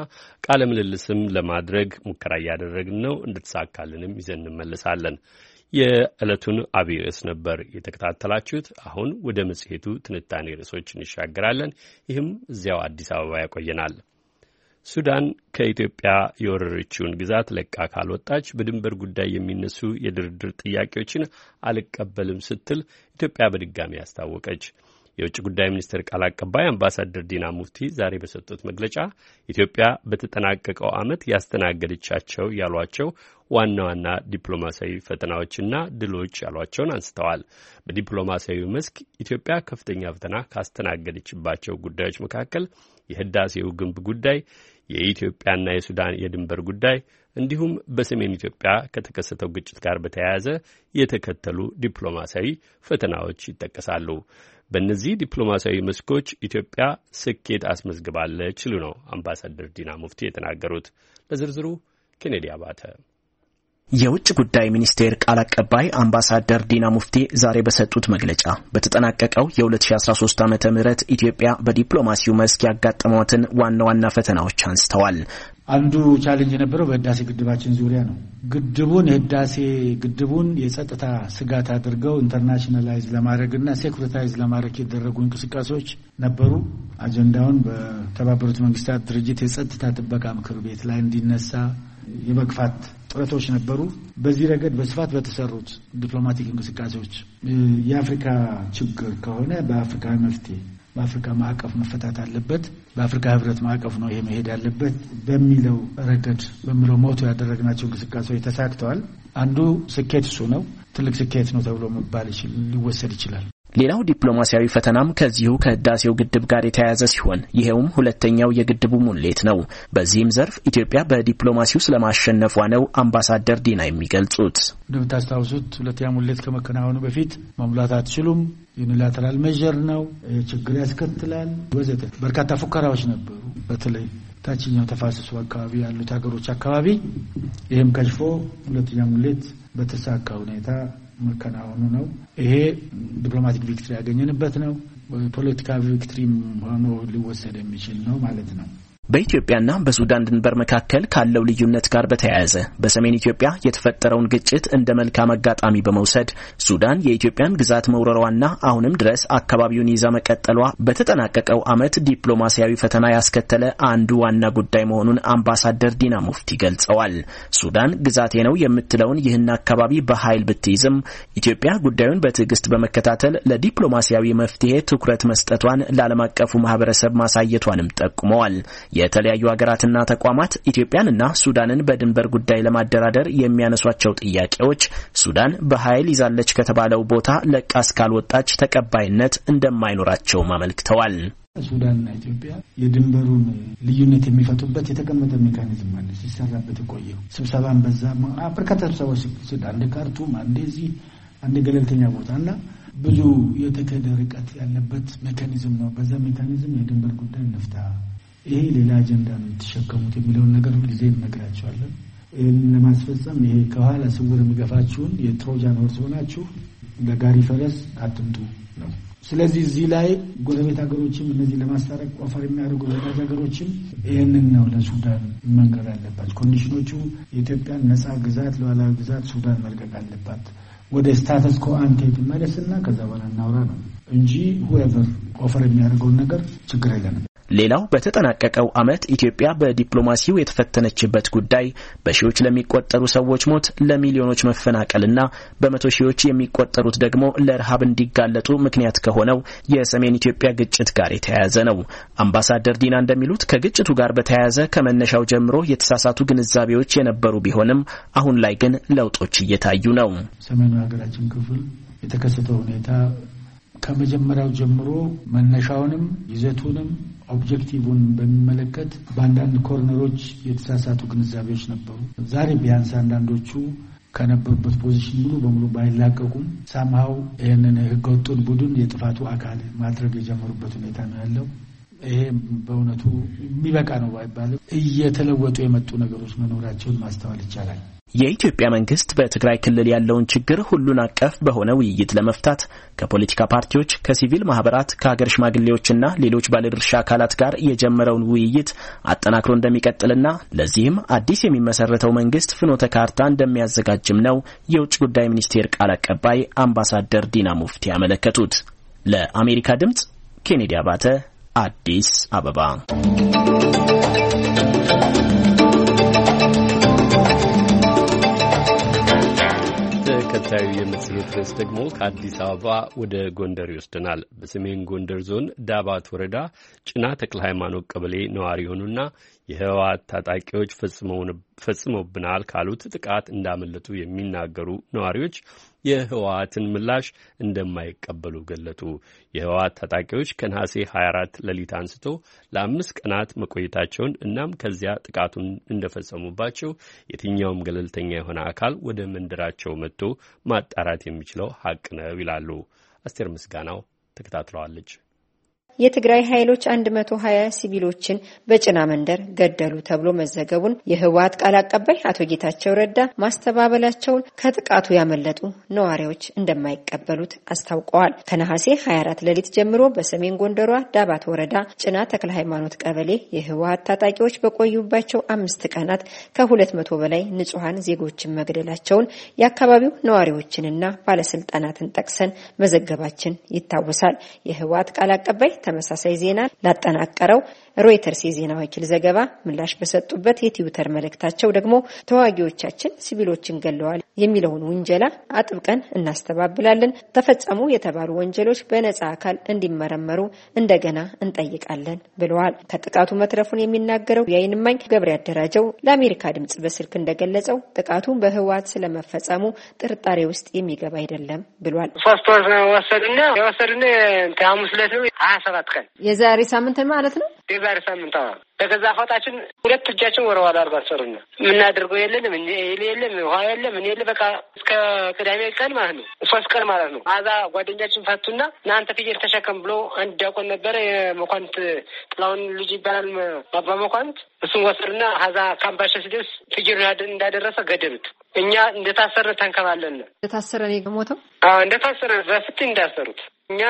ቃለ ምልልስም ለማድረግ ሙከራ እያደረግን ነው። እንድትሳካልንም ይዘን እንመለሳለን። የዕለቱን አብይ ርዕስ ነበር የተከታተላችሁት። አሁን ወደ መጽሔቱ ትንታኔ ርዕሶች እንሻገራለን። ይህም እዚያው አዲስ አበባ ያቆየናል። ሱዳን ከኢትዮጵያ የወረረችውን ግዛት ለቃ ካልወጣች በድንበር ጉዳይ የሚነሱ የድርድር ጥያቄዎችን አልቀበልም ስትል ኢትዮጵያ በድጋሚ አስታወቀች። የውጭ ጉዳይ ሚኒስትር ቃል አቀባይ አምባሳደር ዲና ሙፍቲ ዛሬ በሰጡት መግለጫ ኢትዮጵያ በተጠናቀቀው ዓመት ያስተናገደቻቸው ያሏቸው ዋና ዋና ዲፕሎማሲያዊ ፈተናዎችና ድሎች ያሏቸውን አንስተዋል። በዲፕሎማሲያዊ መስክ ኢትዮጵያ ከፍተኛ ፈተና ካስተናገደችባቸው ጉዳዮች መካከል የህዳሴው ግንብ ጉዳይ የኢትዮጵያና የሱዳን የድንበር ጉዳይ እንዲሁም በሰሜን ኢትዮጵያ ከተከሰተው ግጭት ጋር በተያያዘ የተከተሉ ዲፕሎማሲያዊ ፈተናዎች ይጠቀሳሉ። በእነዚህ ዲፕሎማሲያዊ መስኮች ኢትዮጵያ ስኬት አስመዝግባለች ሲሉ ነው አምባሳደር ዲና ሙፍቲ የተናገሩት። ለዝርዝሩ ኬኔዲ አባተ የውጭ ጉዳይ ሚኒስቴር ቃል አቀባይ አምባሳደር ዲና ሙፍቲ ዛሬ በሰጡት መግለጫ በተጠናቀቀው የ2013 ዓ ም ኢትዮጵያ በዲፕሎማሲው መስክ ያጋጠሟትን ዋና ዋና ፈተናዎች አንስተዋል። አንዱ ቻሌንጅ የነበረው በህዳሴ ግድባችን ዙሪያ ነው። ግድቡን የህዳሴ ግድቡን የጸጥታ ስጋት አድርገው ኢንተርናሽናላይዝ ለማድረግና ሴኩሪታይዝ ለማድረግ የደረጉ እንቅስቃሴዎች ነበሩ። አጀንዳውን በተባበሩት መንግስታት ድርጅት የጸጥታ ጥበቃ ምክር ቤት ላይ እንዲነሳ የመግፋት ጥረቶች ነበሩ። በዚህ ረገድ በስፋት በተሰሩት ዲፕሎማቲክ እንቅስቃሴዎች የአፍሪካ ችግር ከሆነ በአፍሪካ መፍትሄ በአፍሪካ ማዕቀፍ መፈታት አለበት፣ በአፍሪካ ህብረት ማዕቀፍ ነው ይሄ መሄድ ያለበት በሚለው ረገድ በሚለው ሞቶ ያደረግናቸው እንቅስቃሴዎች ተሳክተዋል። አንዱ ስኬት እሱ ነው። ትልቅ ስኬት ነው ተብሎ መባል ሊወሰድ ይችላል። ሌላው ዲፕሎማሲያዊ ፈተናም ከዚሁ ከህዳሴው ግድብ ጋር የተያያዘ ሲሆን ይሄውም ሁለተኛው የግድቡ ሙሌት ነው። በዚህም ዘርፍ ኢትዮጵያ በዲፕሎማሲው ስለማሸነፏ ነው አምባሳደር ዲና የሚገልጹት። እንደምታስታውሱት ሁለተኛ ሙሌት ከመከናወኑ በፊት መሙላት አትችሉም፣ ዩኒላተራል መዥር ነው፣ ችግር ያስከትላል ወዘተ በርካታ ፉከራዎች ነበሩ። በተለይ ታችኛው ተፋሰሱ አካባቢ ያሉት ሀገሮች አካባቢ ይህም ከሽፎ ሁለተኛ ሙሌት በተሳካ ሁኔታ መከናወኑ ነው። ይሄ ዲፕሎማቲክ ቪክትሪ ያገኘንበት ነው። ፖለቲካ ቪክትሪም ሆኖ ሊወሰድ የሚችል ነው ማለት ነው። በኢትዮጵያና በሱዳን ድንበር መካከል ካለው ልዩነት ጋር በተያያዘ በሰሜን ኢትዮጵያ የተፈጠረውን ግጭት እንደ መልካም አጋጣሚ በመውሰድ ሱዳን የኢትዮጵያን ግዛት መውረሯና አሁንም ድረስ አካባቢውን ይዛ መቀጠሏ በተጠናቀቀው ዓመት ዲፕሎማሲያዊ ፈተና ያስከተለ አንዱ ዋና ጉዳይ መሆኑን አምባሳደር ዲና ሙፍቲ ገልጸዋል። ሱዳን ግዛቴ ነው የምትለውን ይህን አካባቢ በኃይል ብትይዝም ኢትዮጵያ ጉዳዩን በትዕግስት በመከታተል ለዲፕሎማሲያዊ መፍትሄ ትኩረት መስጠቷን ለዓለም አቀፉ ማህበረሰብ ማሳየቷንም ጠቁመዋል። የተለያዩ ሀገራትና ተቋማት ኢትዮጵያንና ሱዳንን በድንበር ጉዳይ ለማደራደር የሚያነሷቸው ጥያቄዎች ሱዳን በኃይል ይዛለች ከተባለው ቦታ ለቃ እስካልወጣች ተቀባይነት እንደማይኖራቸውም አመልክተዋል። ሱዳንና ኢትዮጵያ የድንበሩን ልዩነት የሚፈቱበት የተቀመጠ ሜካኒዝም አለ። ሲሰራበት የቆየው ስብሰባን በዛ በርካታ ስብሰባዎች ሲወስድ አንድ ካርቱም፣ አንድ እዚህ፣ አንድ ገለልተኛ ቦታ እና ብዙ የተከደ ርቀት ያለበት ሜካኒዝም ነው። በዛ ሜካኒዝም የድንበር ጉዳይ ነፍታ ይሄ ሌላ አጀንዳ ነው የምትሸከሙት የሚለውን ነገር ሁልጊዜ እንነግራቸዋለን። ይህን ለማስፈጸም ይሄ ከኋላ ስውር የሚገፋችሁን የትሮጃን ወርስ ሆናችሁ ለጋሪ ፈረስ አትምጡ ነው። ስለዚህ እዚህ ላይ ጎረቤት ሀገሮችም እነዚህ ለማስታረቅ ቆፈር የሚያደርጉ ወዳጅ ሀገሮችም ይህንን ነው ለሱዳን መንገድ አለባት። ኮንዲሽኖቹ የኢትዮጵያን ነፃ ግዛት ለኋላዊ ግዛት ሱዳን መልቀቅ አለባት። ወደ ስታተስ ኮ አንቴ ትመለስና ከዛ በኋላ እናውራ ነው እንጂ ሁኤቨር ቆፈር የሚያደርገውን ነገር ችግር የለንም። ሌላው በተጠናቀቀው ዓመት ኢትዮጵያ በዲፕሎማሲው የተፈተነችበት ጉዳይ በሺዎች ለሚቆጠሩ ሰዎች ሞት፣ ለሚሊዮኖች መፈናቀልና በመቶ ሺዎች የሚቆጠሩት ደግሞ ለረሃብ እንዲጋለጡ ምክንያት ከሆነው የሰሜን ኢትዮጵያ ግጭት ጋር የተያያዘ ነው። አምባሳደር ዲና እንደሚሉት ከግጭቱ ጋር በተያያዘ ከመነሻው ጀምሮ የተሳሳቱ ግንዛቤዎች የነበሩ ቢሆንም አሁን ላይ ግን ለውጦች እየታዩ ነው። ሰሜኑ ሀገራችን ክፍል የተከሰተው ሁኔታ ከመጀመሪያው ጀምሮ መነሻውንም ይዘቱንም ኦብጀክቲቭን በሚመለከት በአንዳንድ ኮርነሮች የተሳሳቱ ግንዛቤዎች ነበሩ። ዛሬ ቢያንስ አንዳንዶቹ ከነበሩበት ፖዚሽን ሙሉ በሙሉ ባይላቀቁም ሳምሃው ይህንን ህገወጡን ቡድን የጥፋቱ አካል ማድረግ የጀመሩበት ሁኔታ ነው ያለው። ይሄ በእውነቱ የሚበቃ ነው ባይባልም እየተለወጡ የመጡ ነገሮች መኖራቸውን ማስተዋል ይቻላል። የኢትዮጵያ መንግስት በትግራይ ክልል ያለውን ችግር ሁሉን አቀፍ በሆነ ውይይት ለመፍታት ከፖለቲካ ፓርቲዎች፣ ከሲቪል ማህበራት፣ ከሀገር ሽማግሌዎችና ሌሎች ባለድርሻ አካላት ጋር የጀመረውን ውይይት አጠናክሮ እንደሚቀጥልና ለዚህም አዲስ የሚመሰረተው መንግስት ፍኖተ ካርታ እንደሚያዘጋጅም ነው የውጭ ጉዳይ ሚኒስቴር ቃል አቀባይ አምባሳደር ዲና ሙፍቲ ያመለከቱት። ለአሜሪካ ድምጽ ኬኔዲ አባተ አዲስ አበባ ተከታዩ የመጽሔት ርዕስ ደግሞ ከአዲስ አበባ ወደ ጎንደር ይወስደናል። በሰሜን ጎንደር ዞን ዳባት ወረዳ ጭና ተክለ ሃይማኖት ቀበሌ ነዋሪ የሆኑና የህወሓት ታጣቂዎች ፈጽመውብናል ካሉት ጥቃት እንዳመለጡ የሚናገሩ ነዋሪዎች የህወሓትን ምላሽ እንደማይቀበሉ ገለጡ። የህወሓት ታጣቂዎች ከነሐሴ 24 ሌሊት አንስቶ ለአምስት ቀናት መቆየታቸውን እናም ከዚያ ጥቃቱን እንደፈጸሙባቸው የትኛውም ገለልተኛ የሆነ አካል ወደ መንደራቸው መጥቶ ማጣራት የሚችለው ሀቅ ነው ይላሉ። አስቴር ምስጋናው ተከታትለዋለች። የትግራይ ኃይሎች 120 ሲቪሎችን በጭና መንደር ገደሉ ተብሎ መዘገቡን የህወሀት ቃል አቀባይ አቶ ጌታቸው ረዳ ማስተባበላቸውን ከጥቃቱ ያመለጡ ነዋሪዎች እንደማይቀበሉት አስታውቀዋል። ከነሐሴ 24 ሌሊት ጀምሮ በሰሜን ጎንደሯ ዳባት ወረዳ ጭና ተክለ ሃይማኖት ቀበሌ የህወሀት ታጣቂዎች በቆዩባቸው አምስት ቀናት ከ መቶ በላይ ንጹሐን ዜጎችን መግደላቸውን የአካባቢው ነዋሪዎችንና ባለስልጣናትን ጠቅሰን መዘገባችን ይታወሳል። የህወሀት ቃል አቀባይ ተመሳሳይ ዜና ላጠናቀረው ሮይተርስ የዜና ወኪል ዘገባ ምላሽ በሰጡበት የትዊተር መልእክታቸው ደግሞ ተዋጊዎቻችን ሲቪሎችን ገለዋል የሚለውን ውንጀላ አጥብቀን እናስተባብላለን። ተፈጸሙ የተባሉ ወንጀሎች በነጻ አካል እንዲመረመሩ እንደገና እንጠይቃለን ብለዋል። ከጥቃቱ መትረፉን የሚናገረው የአይንማኝ እማኝ ገብሬ አደራጀው ለአሜሪካ ድምጽ በስልክ እንደገለጸው ጥቃቱ በህወሓት ስለመፈጸሙ ጥርጣሬ ውስጥ የሚገባ አይደለም ብሏል። ሶስት ወር ወሰድና የወሰድና ሐሙስ ዕለት ነው ሀያ ሰባት ቀን የዛሬ ሳምንት ማለት ነው የዛሬ ሳምንት በገዛ ፈጣችን ሁለት እጃችን ወረ አርባ አርጎ የምናደርገው የለንም ይል የለም ውሃ የለም እኔ የለ በቃ እስከ ቅዳሜ ቀን ማለት ነው ሶስት ቀን ማለት ነው። አዛ ጓደኛችን ፈቱና እናንተ ፍየል ተሸከም ብሎ አንድ ዲያቆን ነበረ የመኳንት ጥላውን ልጅ ይባላል ባባ መኳንት እሱን ወስድና አዛ ካምባሸ ስደስ ፍየሉ እንዳደረሰ ገደሉት። እኛ እንደታሰረ ተንከባለን እንደታሰረ ነው የሞተው እንደታሰረ በፍት እንዳሰሩት እኛ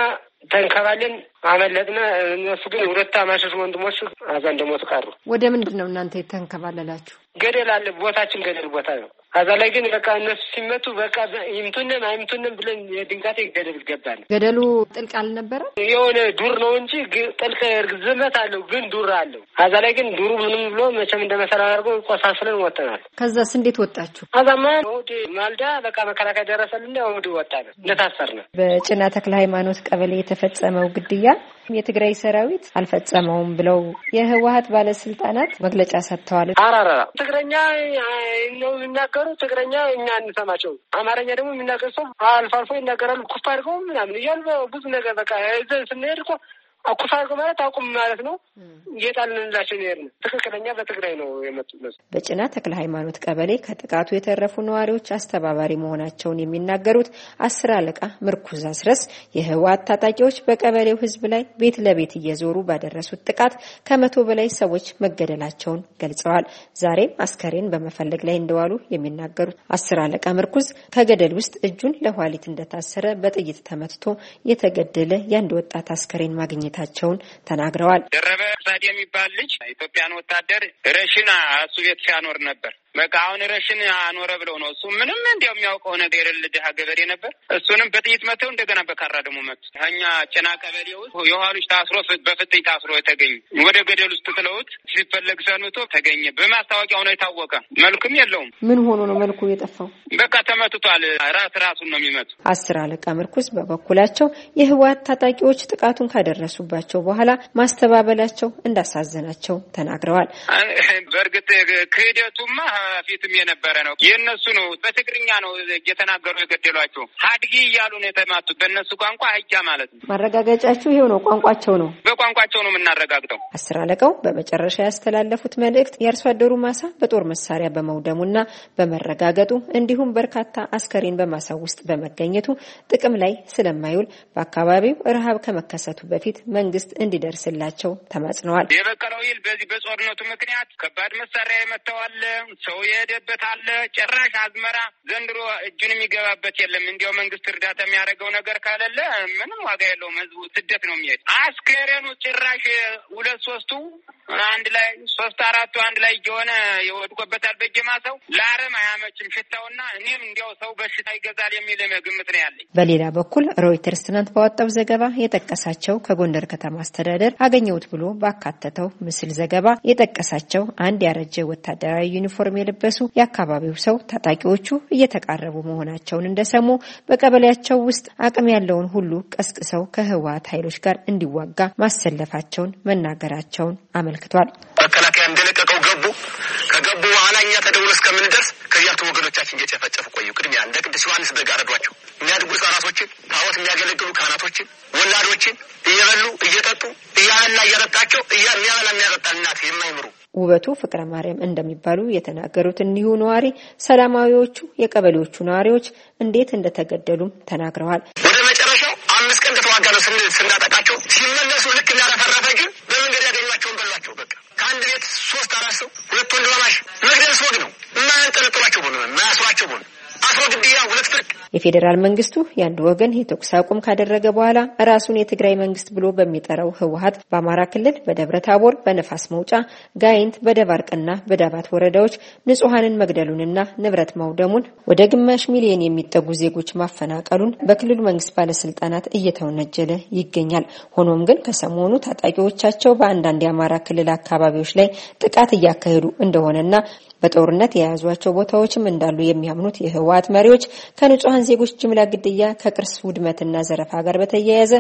ተንከባለን አመለጥነ። እነሱ ግን ሁለት አማሾች ወንድሞች አዛ እንደሞት ቀሩ። ወደ ምንድን ነው እናንተ የተንከባለላችሁ? ገደል አለ ቦታችን ገደል ቦታ ነው። ከዛ ላይ ግን በቃ እነሱ ሲመቱ በቃ ይምቱንም አይምቱንም ብለን የድንጋጤ ገደል ገባን። ገደሉ ጥልቅ አልነበረም። የሆነ ዱር ነው እንጂ ጥልቅ እርግዝመት አለው ግን ዱር አለው። ከዛ ላይ ግን ዱሩ ምንም ብሎ መቼም እንደመሰራ አድርጎ ቆሳስለን ወጠናል። ከዛስ እንዴት ወጣችሁ? ከዛማ እሑድ ማልዳ በቃ መከላከያ ደረሰልና እሑድ እንደታሰር ነው። በጭና ተክለ ሃይማኖት ቀበሌ የተፈጸመው ግድያ የትግራይ ሰራዊት አልፈጸመውም ብለው የህወሀት ባለስልጣናት መግለጫ ሰጥተዋል። አራራ ትግረኛ ነው የሚናገሩ ትግረኛ እኛ እንሰማቸው፣ አማርኛ ደግሞ የሚናገር ሰው አልፎ አልፎ ይናገራሉ። ኩፍ አድርገው ምናምን እያሉ ብዙ ነገር በቃ ስንሄድ እኮ አኩፋርጎ ማለት አቁም ማለት ነው። እየጣልንላቸው ነው ነው። ትክክለኛ በትግራይ ነው የመጡ በጭና ተክለ ሃይማኖት ቀበሌ ከጥቃቱ የተረፉ ነዋሪዎች አስተባባሪ መሆናቸውን የሚናገሩት አስር አለቃ ምርኩዝ አስረስ የህወሓት ታጣቂዎች በቀበሌው ህዝብ ላይ ቤት ለቤት እየዞሩ ባደረሱት ጥቃት ከመቶ በላይ ሰዎች መገደላቸውን ገልጸዋል። ዛሬም አስከሬን በመፈለግ ላይ እንደዋሉ የሚናገሩት አስር አለቃ ምርኩዝ ከገደል ውስጥ እጁን ለኋሊት እንደታሰረ በጥይት ተመትቶ የተገደለ የአንድ ወጣት አስከሬን ማግኘት ማግኘታቸውን ተናግረዋል። ደረበ ሳድ የሚባል ልጅ ኢትዮጵያን ወታደር ረሽና እሱ ቤት ሲያኖር ነበር። በቃ አሁን ረሽን አኖረ ብለው ነው እሱ ምንም እንዲያው የሚያውቀው ነገር የሌለ ድሀ ገበሬ ነበር። እሱንም በጥይት መተው እንደገና በካራ ደግሞ መቱ። እኛ ጭና ቀበሌ ውስጥ የኋሉች ታስሮ በፍጥኝ ታስሮ የተገኘ ወደ ገደል ውስጥ ጥለውት ሲፈለግ ሰንብቶ ተገኘ። በማስታወቂያው ነው የታወቀ። መልኩም የለውም። ምን ሆኖ ነው መልኩ የጠፋው? በቃ ተመትቷል። ራስ ራሱን ነው የሚመቱ። አስር አለቃ ምርኩስ በበኩላቸው የህወሀት ታጣቂዎች ጥቃቱን ካደረሱባቸው በኋላ ማስተባበላቸው እንዳሳዘናቸው ተናግረዋል። በእርግጥ ክህደቱማ ፊትም የነበረ ነው። የእነሱ ነው። በትግርኛ ነው እየተናገሩ የገደሏቸው። ሀድጊ እያሉ ነው የተማቱት። በእነሱ ቋንቋ ህጃ ማለት ነው። ማረጋገጫችሁ ይሄው ነው። ቋንቋቸው ነው። በቋንቋቸው ነው የምናረጋግጠው። አስር አለቃው በመጨረሻ ያስተላለፉት መልእክት የአርሶ አደሩ ማሳ በጦር መሳሪያ በመውደሙና በመረጋገጡ እንዲሁም በርካታ አስከሬን በማሳ ውስጥ በመገኘቱ ጥቅም ላይ ስለማይውል በአካባቢው ረሃብ ከመከሰቱ በፊት መንግስት እንዲደርስላቸው ተማጽነዋል። የበቀለው ይል በዚህ በጦርነቱ ምክንያት ከባድ መሳሪያ የመተዋለ ሰው የሄደበት አለ። ጭራሽ አዝመራ ዘንድሮ እጁን የሚገባበት የለም። እንዲያው መንግስት እርዳታ የሚያደርገው ነገር ካለለ ምንም ዋጋ የለውም። ህዝቡ ስደት ነው የሚሄድ። አስከሬኑ ጭራሽ ሁለት ሶስቱ አንድ ላይ ሶስት አራቱ አንድ ላይ እየሆነ የወድቆበታል። በጀማ ሰው ለአረም አያመችም ሽታውና እኔም እንዲያው ሰው በሽታ ይገዛል የሚል ግምት ነው ያለኝ። በሌላ በኩል ሮይተርስ ትናንት ባወጣው ዘገባ የጠቀሳቸው ከጎንደር ከተማ አስተዳደር አገኘሁት ብሎ ባካተተው ምስል ዘገባ የጠቀሳቸው አንድ ያረጀ ወታደራዊ ዩኒፎርም ዩኒፎርም የለበሱ የአካባቢው ሰው ታጣቂዎቹ እየተቃረቡ መሆናቸውን እንደሰሙ በቀበሌያቸው ውስጥ አቅም ያለውን ሁሉ ቀስቅሰው ከህወሀት ኃይሎች ጋር እንዲዋጋ ማሰለፋቸውን መናገራቸውን አመልክቷል። መከላከያ እንደለቀቀው ገቡ። ከገቡ በኋላ እኛ ተደውሎ እስከምንደርስ ከዚያቱ ወገኖቻችን እየጨፈጨፉ ቆዩ። ቅድሚያ እንደ ቅዱስ ዮሐንስ አረዷቸው። የሚያድጉ ህጻናቶችን፣ ታቦት የሚያገለግሉ ካህናቶችን፣ ወላዶችን እየበሉ እየጠጡ እያበላ እያ የሚያበላ የሚያረጣ እናት የማይምሩ ውበቱ ፍቅረ ማርያም እንደሚባሉ የተናገሩት እኒሁ ነዋሪ ሰላማዊዎቹ የቀበሌዎቹ ነዋሪዎች እንዴት እንደተገደሉም ተናግረዋል። ወደ መጨረሻው አምስት ቀን ከተዋጋ ነው ስናጠቃቸው ሲመለሱ ልክ እንዳረፈረፈ ግን በመንገድ ያገኟቸውን በሏቸው። በቃ ከአንድ ቤት ሶስት አራት ሰው ሁለት ወንድ ማማሽ መግደል ስወግ ነው የማያንጠለጥሏቸው ሆነ የማያስሯቸው ሆነ የፌዴራል መንግስቱ የአንድ ወገን የተኩስ አቁም ካደረገ በኋላ ራሱን የትግራይ መንግስት ብሎ በሚጠራው ህወሀት በአማራ ክልል በደብረ ታቦር፣ በነፋስ መውጫ፣ ጋይንት፣ በደባርቅና በዳባት ወረዳዎች ንጹሐንን መግደሉንና ንብረት ማውደሙን ወደ ግማሽ ሚሊዮን የሚጠጉ ዜጎች ማፈናቀሉን በክልሉ መንግስት ባለስልጣናት እየተወነጀለ ይገኛል። ሆኖም ግን ከሰሞኑ ታጣቂዎቻቸው በአንዳንድ የአማራ ክልል አካባቢዎች ላይ ጥቃት እያካሄዱ እንደሆነና በጦርነት የያዟቸው ቦታዎችም እንዳሉ የሚያምኑት የህወሓት መሪዎች ከንጹሐን ዜጎች ጅምላ ግድያ ከቅርስ ውድመትና ዘረፋ ጋር በተያያዘ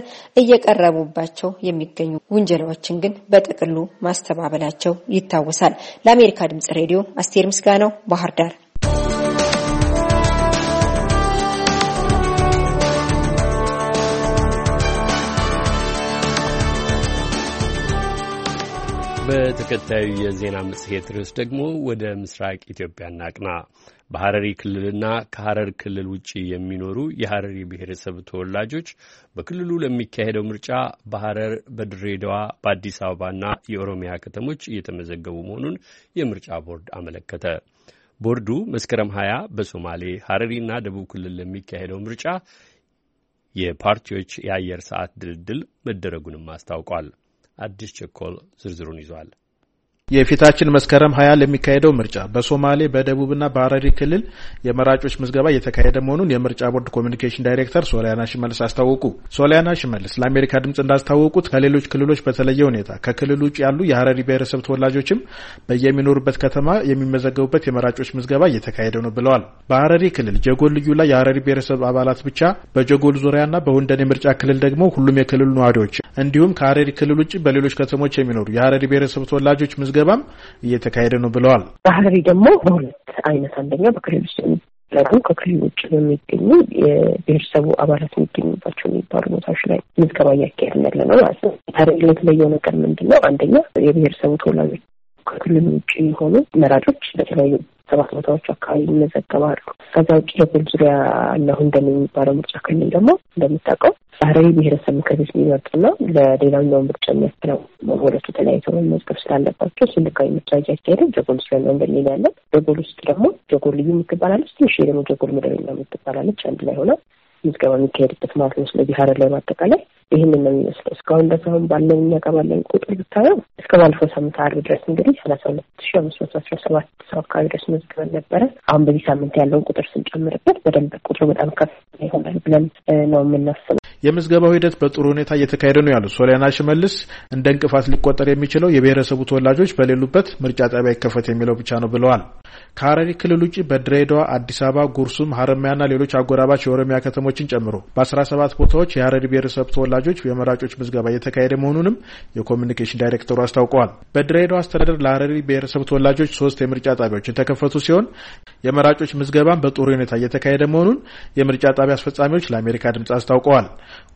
እየቀረቡባቸው የሚገኙ ውንጀላዎችን ግን በጥቅሉ ማስተባበላቸው ይታወሳል። ለአሜሪካ ድምጽ ሬዲዮ አስቴር ምስጋናው ባህር ዳር በተከታዩ የዜና መጽሔት ርዕስ ደግሞ ወደ ምስራቅ ኢትዮጵያ እናቅና። በሐረሪ ክልልና ከሐረር ክልል ውጭ የሚኖሩ የሐረሪ ብሔረሰብ ተወላጆች በክልሉ ለሚካሄደው ምርጫ በሐረር፣ በድሬዳዋ፣ በአዲስ አበባና የኦሮሚያ ከተሞች እየተመዘገቡ መሆኑን የምርጫ ቦርድ አመለከተ። ቦርዱ መስከረም 20 በሶማሌ ሐረሪና ደቡብ ክልል ለሚካሄደው ምርጫ የፓርቲዎች የአየር ሰዓት ድልድል መደረጉንም አስታውቋል። አዲስ ቸኮል ዝርዝሩን ይዟል። የፊታችን መስከረም ሀያ ለሚካሄደው ምርጫ በሶማሌ በደቡብና በሀረሪ ክልል የመራጮች ምዝገባ እየተካሄደ መሆኑን የምርጫ ቦርድ ኮሚኒኬሽን ዳይሬክተር ሶሊያና ሽመልስ አስታወቁ። ሶሊያና ሽመልስ ለአሜሪካ ድምጽ እንዳስታወቁት ከሌሎች ክልሎች በተለየ ሁኔታ ከክልል ውጭ ያሉ የሀረሪ ብሔረሰብ ተወላጆችም በየሚኖሩበት ከተማ የሚመዘገቡበት የመራጮች ምዝገባ እየተካሄደ ነው ብለዋል። በሀረሪ ክልል ጀጎል ልዩ ላይ የሀረሪ ብሔረሰብ አባላት ብቻ፣ በጀጎል ዙሪያና በወንደን የምርጫ ክልል ደግሞ ሁሉም የክልሉ ነዋሪዎች እንዲሁም ከሀረሪ ክልል ውጭ በሌሎች ከተሞች የሚኖሩ የሀረሪ ብሔረሰብ ተወላጆች ምዝገባ ምገባም እየተካሄደ ነው ብለዋል። ባህሪ ደግሞ በሁለት አይነት አንደኛው በክልል ውስጥ የሚደረጉ ከክልል ውጭ በሚገኙ የብሔረሰቡ አባላት የሚገኙባቸው የሚባሉ ቦታዎች ላይ ምዝገባ እያካሄድን ያለ ነው ማለት ነው። ታሪክላ የተለየው ነገር ምንድን ነው? አንደኛ የብሔረሰቡ ተወላጆች ከክልል ውጭ የሆኑ መራጮች በተለያዩ ሰባት ቦታዎች አካባቢ ይመዘገባሉ። ከዛ ውጭ ደቡብ ዙሪያ ያለሁ እንደምን የሚባለው ምርጫ ክልል ደግሞ እንደምታውቀው ባህራዊ ብሔረሰብ ምክር ቤት የሚመርጥና ለሌላኛው ምርጫ የሚያስተላው ሁለቱ ተለያይተው መመዝገብ ስላለባቸው ስልካዊ ምርጫ እያካሄደ ጀጎል ዙሪያ ነው እንደሚል ያለን ጀጎል ውስጥ ደግሞ ጀጎል ልዩ የምትባላለች፣ ትንሽ ደግሞ ጀጎል መደበኛ የምትባላለች አንድ ላይ ሆነ ምዝገባ የሚካሄድበት ማለት ነው። ስለዚህ ሀረር ላይ ማጠቃላይ ይህንን ነው የሚመስለው። እስካሁን ድረስ አሁን ባለን እኛ ጋር ባለን ቁጥር ብታየው እስከ ባለፈው ሳምንት አርብ ድረስ እንግዲህ ሰላሳ ሁለት ሺ አምስት መቶ አስራ ሰባት ሰው አካባቢ ድረስ መዝግበን ነበረ። አሁን በዚህ ሳምንት ያለውን ቁጥር ስንጨምርበት በደንብ ቁጥሩ በጣም ከፍ ይሆናል ብለን ነው የምናስበው። የምዝገባው ሂደት በጥሩ ሁኔታ እየተካሄደ ነው ያሉት ሶሊያና ሽመልስ፣ እንደ እንቅፋት ሊቆጠር የሚችለው የብሔረሰቡ ተወላጆች በሌሉበት ምርጫ ጣቢያ ይከፈት የሚለው ብቻ ነው ብለዋል። ከሀረሪ ክልል ውጭ በድሬዳዋ፣ አዲስ አበባ፣ ጉርሱም፣ ሀረማያና ሌሎች አጎራባች የኦሮሚያ ከተሞችን ጨምሮ በአስራ ሰባት ቦታዎች የሀረሪ ብሔረሰብ ተወላ ወላጆች የመራጮች ምዝገባ እየተካሄደ መሆኑንም የኮሚኒኬሽን ዳይሬክተሩ አስታውቀዋል። በድሬዳዋ አስተዳደር ለሀረሪ ብሔረሰብ ተወላጆች ሶስት የምርጫ ጣቢያዎች የተከፈቱ ሲሆን የመራጮች ምዝገባን በጥሩ ሁኔታ እየተካሄደ መሆኑን የምርጫ ጣቢያ አስፈጻሚዎች ለአሜሪካ ድምፅ አስታውቀዋል።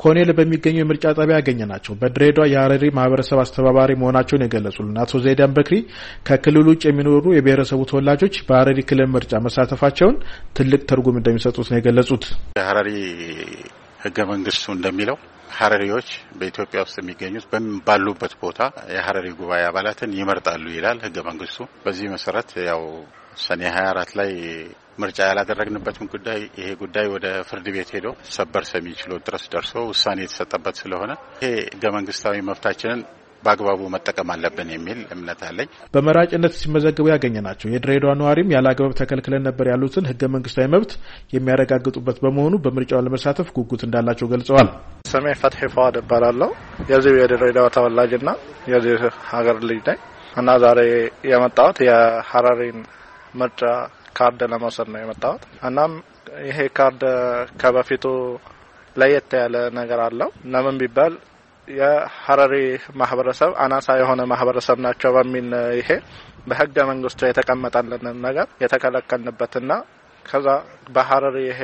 ኮኔል በሚገኘው የምርጫ ጣቢያ ያገኘ ናቸው በድሬዳዋ የሀረሪ ማህበረሰብ አስተባባሪ መሆናቸውን የገለጹልን አቶ ዘይዳን በክሪ ከክልሉ ውጭ የሚኖሩ የብሔረሰቡ ተወላጆች በሀረሪ ክልል ምርጫ መሳተፋቸውን ትልቅ ትርጉም እንደሚሰጡት ነው የገለጹት። የሀረሪ ህገ መንግስቱ እንደሚለው ሀረሪዎች በኢትዮጵያ ውስጥ የሚገኙት ባሉበት ቦታ የሀረሪ ጉባኤ አባላትን ይመርጣሉ ይላል ህገ መንግስቱ። በዚህ መሰረት ያው ሰኔ 24 ላይ ምርጫ ያላደረግንበትም ጉዳይ ይሄ ጉዳይ ወደ ፍርድ ቤት ሄዶ ሰበር ሰሚ ችሎት ድረስ ደርሶ ውሳኔ የተሰጠበት ስለሆነ ይሄ ህገ መንግስታዊ መብታችንን በአግባቡ መጠቀም አለብን የሚል እምነት አለኝ። በመራጭነት ሲመዘገቡ ያገኘ ናቸው የድሬዳዋ ነዋሪም ያለ አግባብ ተከልክለን ነበር ያሉትን ህገ መንግስታዊ መብት የሚያረጋግጡበት በመሆኑ በምርጫው ለመሳተፍ ጉጉት እንዳላቸው ገልጸዋል። ስሜ ፈትሒ ፈዋድ እባላለሁ። የዚሁ የድሬዳዋ ተወላጅና የዚህ ሀገር ልጅ ነኝ እና ዛሬ የመጣሁት የሀረሪን ምርጫ ካርድ ለመውሰድ ነው የመጣሁት። እናም ይሄ ካርድ ከበፊቱ ለየት ያለ ነገር አለው። ለምን ቢባል የሀረሪ ማህበረሰብ አናሳ የሆነ ማህበረሰብ ናቸው በሚል ይሄ በህገ መንግስቱ የተቀመጠልንን ነገር የተከለከልንበትና ከዛ በሀረሪ ይሄ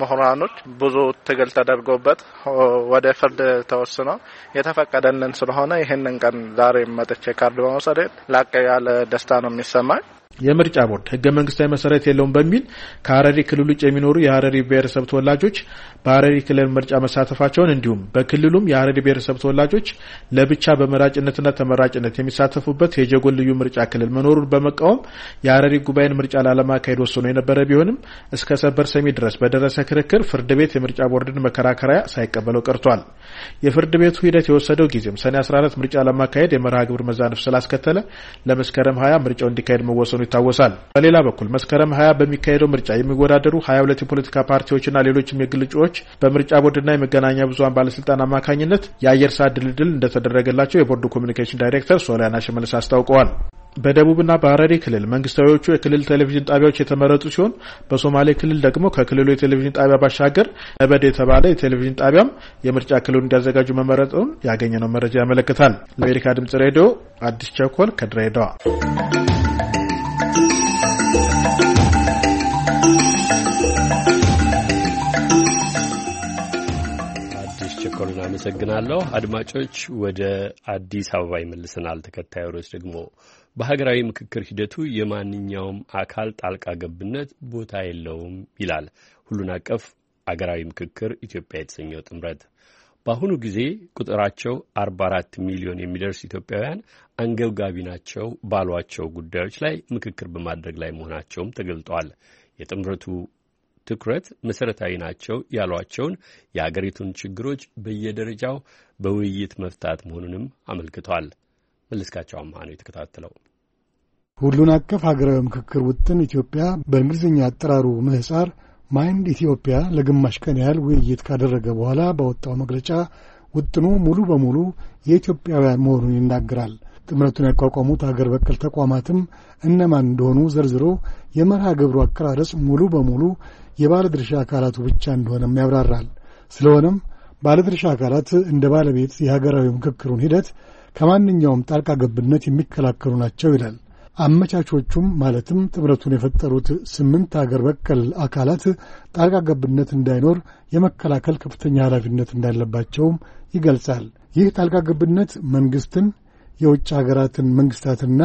ምሁራኖች ብዙ ትግል ተደርጎበት ወደ ፍርድ ተወስኖ የተፈቀደልን ስለሆነ ይህንን ቀን ዛሬ መጥቼ ካርድ በመውሰድ ላቅ ያለ ደስታ ነው የሚሰማኝ። የምርጫ ቦርድ ህገ መንግስታዊ መሰረት የለውም በሚል ከሀረሪ ክልል ውጭ የሚኖሩ የሀረሪ ብሔረሰብ ተወላጆች በሀረሪ ክልል ምርጫ መሳተፋቸውን እንዲሁም በክልሉም የሀረሪ ብሔረሰብ ተወላጆች ለብቻ በመራጭነትና ተመራጭነት የሚሳተፉበት የጀጎል ልዩ ምርጫ ክልል መኖሩን በመቃወም የሀረሪ ጉባኤን ምርጫ ላለማካሄድ ወስኖ የነበረ ቢሆንም እስከ ሰበር ሰሚ ድረስ በደረሰ ክርክር ፍርድ ቤት የምርጫ ቦርድን መከራከሪያ ሳይቀበለው ቀርቷል። የፍርድ ቤቱ ሂደት የወሰደው ጊዜም ሰኔ 14 ምርጫ ለማካሄድ የመርሃ ግብር መዛነፍ ስላስከተለ ለመስከረም 20 ምርጫው እንዲካሄድ መወሰኑ ይታወሳል። በሌላ በኩል መስከረም ሀያ በሚካሄደው ምርጫ የሚወዳደሩ ሀያ ሁለት የፖለቲካ ፓርቲዎችና ሌሎችም የግል እጩዎች በምርጫ ቦርድና የመገናኛ ብዙሀን ባለስልጣን አማካኝነት የአየር ሰዓት ድልድል እንደተደረገላቸው የቦርዱ ኮሚኒኬሽን ዳይሬክተር ሶሊያና ሽመልስ አስታውቀዋል። በደቡብና በሀረሪ ክልል መንግስታዊዎቹ የክልል ቴሌቪዥን ጣቢያዎች የተመረጡ ሲሆን በሶማሌ ክልል ደግሞ ከክልሉ የቴሌቪዥን ጣቢያ ባሻገር ነበድ የተባለ የቴሌቪዥን ጣቢያም የምርጫ ክልሉ እንዲያዘጋጁ መመረጡን ያገኘነው መረጃ ያመለክታል። ለአሜሪካ ድምጽ ሬዲዮ አዲስ ቸኮል ከድሬዳዋ ቸኮልን አመሰግናለሁ። አድማጮች ወደ አዲስ አበባ ይመልሰናል። ተከታዩ ርዕስ ደግሞ በሀገራዊ ምክክር ሂደቱ የማንኛውም አካል ጣልቃ ገብነት ቦታ የለውም ይላል ሁሉን አቀፍ አገራዊ ምክክር ኢትዮጵያ የተሰኘው ጥምረት። በአሁኑ ጊዜ ቁጥራቸው 44 ሚሊዮን የሚደርስ ኢትዮጵያውያን አንገብጋቢ ናቸው ባሏቸው ጉዳዮች ላይ ምክክር በማድረግ ላይ መሆናቸውም ተገልጧል። የጥምረቱ ትኩረት መሠረታዊ ናቸው ያሏቸውን የአገሪቱን ችግሮች በየደረጃው በውይይት መፍታት መሆኑንም አመልክቷል። መለስካቸው አማኑ የተከታተለው። ሁሉን አቀፍ ሀገራዊ ምክክር ውጥን ኢትዮጵያ በእንግሊዝኛ አጠራሩ ምህጻር ማይንድ ኢትዮጵያ ለግማሽ ቀን ያህል ውይይት ካደረገ በኋላ በወጣው መግለጫ ውጥኑ ሙሉ በሙሉ የኢትዮጵያውያን መሆኑን ይናገራል። ጥምረቱን ያቋቋሙት አገር በቀል ተቋማትም እነማን እንደሆኑ ዘርዝሮ የመርሃ ግብሩ አቀራረጽ ሙሉ በሙሉ የባለድርሻ አካላቱ ብቻ እንደሆነም ያብራራል። ስለሆነም ባለድርሻ አካላት እንደ ባለቤት የሀገራዊ ምክክሩን ሂደት ከማንኛውም ጣልቃ ገብነት የሚከላከሉ ናቸው ይላል። አመቻቾቹም ማለትም ጥምረቱን የፈጠሩት ስምንት አገር በቀል አካላት ጣልቃ ገብነት እንዳይኖር የመከላከል ከፍተኛ ኃላፊነት እንዳለባቸውም ይገልጻል። ይህ ጣልቃ ገብነት መንግስትን፣ የውጭ ሀገራትን መንግስታትና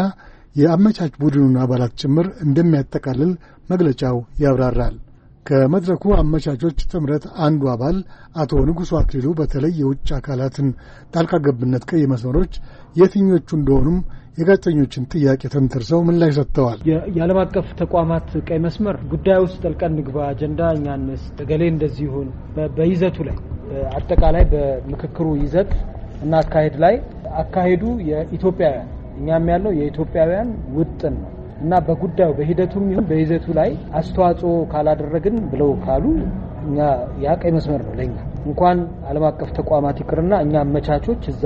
የአመቻች ቡድኑን አባላት ጭምር እንደሚያጠቃልል መግለጫው ያብራራል። ከመድረኩ አመቻቾች ጥምረት አንዱ አባል አቶ ንጉሡ አክሊሉ በተለይ የውጭ አካላትን ጣልቃ ገብነት ቀይ መስመሮች የትኞቹ እንደሆኑም የጋዜጠኞችን ጥያቄ ተንተርሰው ምላሽ ሰጥተዋል። የዓለም አቀፍ ተቋማት ቀይ መስመር ጉዳይ ውስጥ ጠልቀን ንግባ፣ አጀንዳ እኛ እንስጥ፣ እገሌ እንደዚህ ይሁን፣ በይዘቱ ላይ አጠቃላይ በምክክሩ ይዘት እና አካሄድ ላይ አካሄዱ የኢትዮጵያውያን እኛም ያለው የኢትዮጵያውያን ውጥን ነው እና በጉዳዩ በሂደቱም ይሁን በይዘቱ ላይ አስተዋጽኦ ካላደረግን ብለው ካሉ እኛ ያ ቀይ መስመር ነው ለኛ። እንኳን ዓለም አቀፍ ተቋማት ይቅርና እኛ አመቻቾች እዛ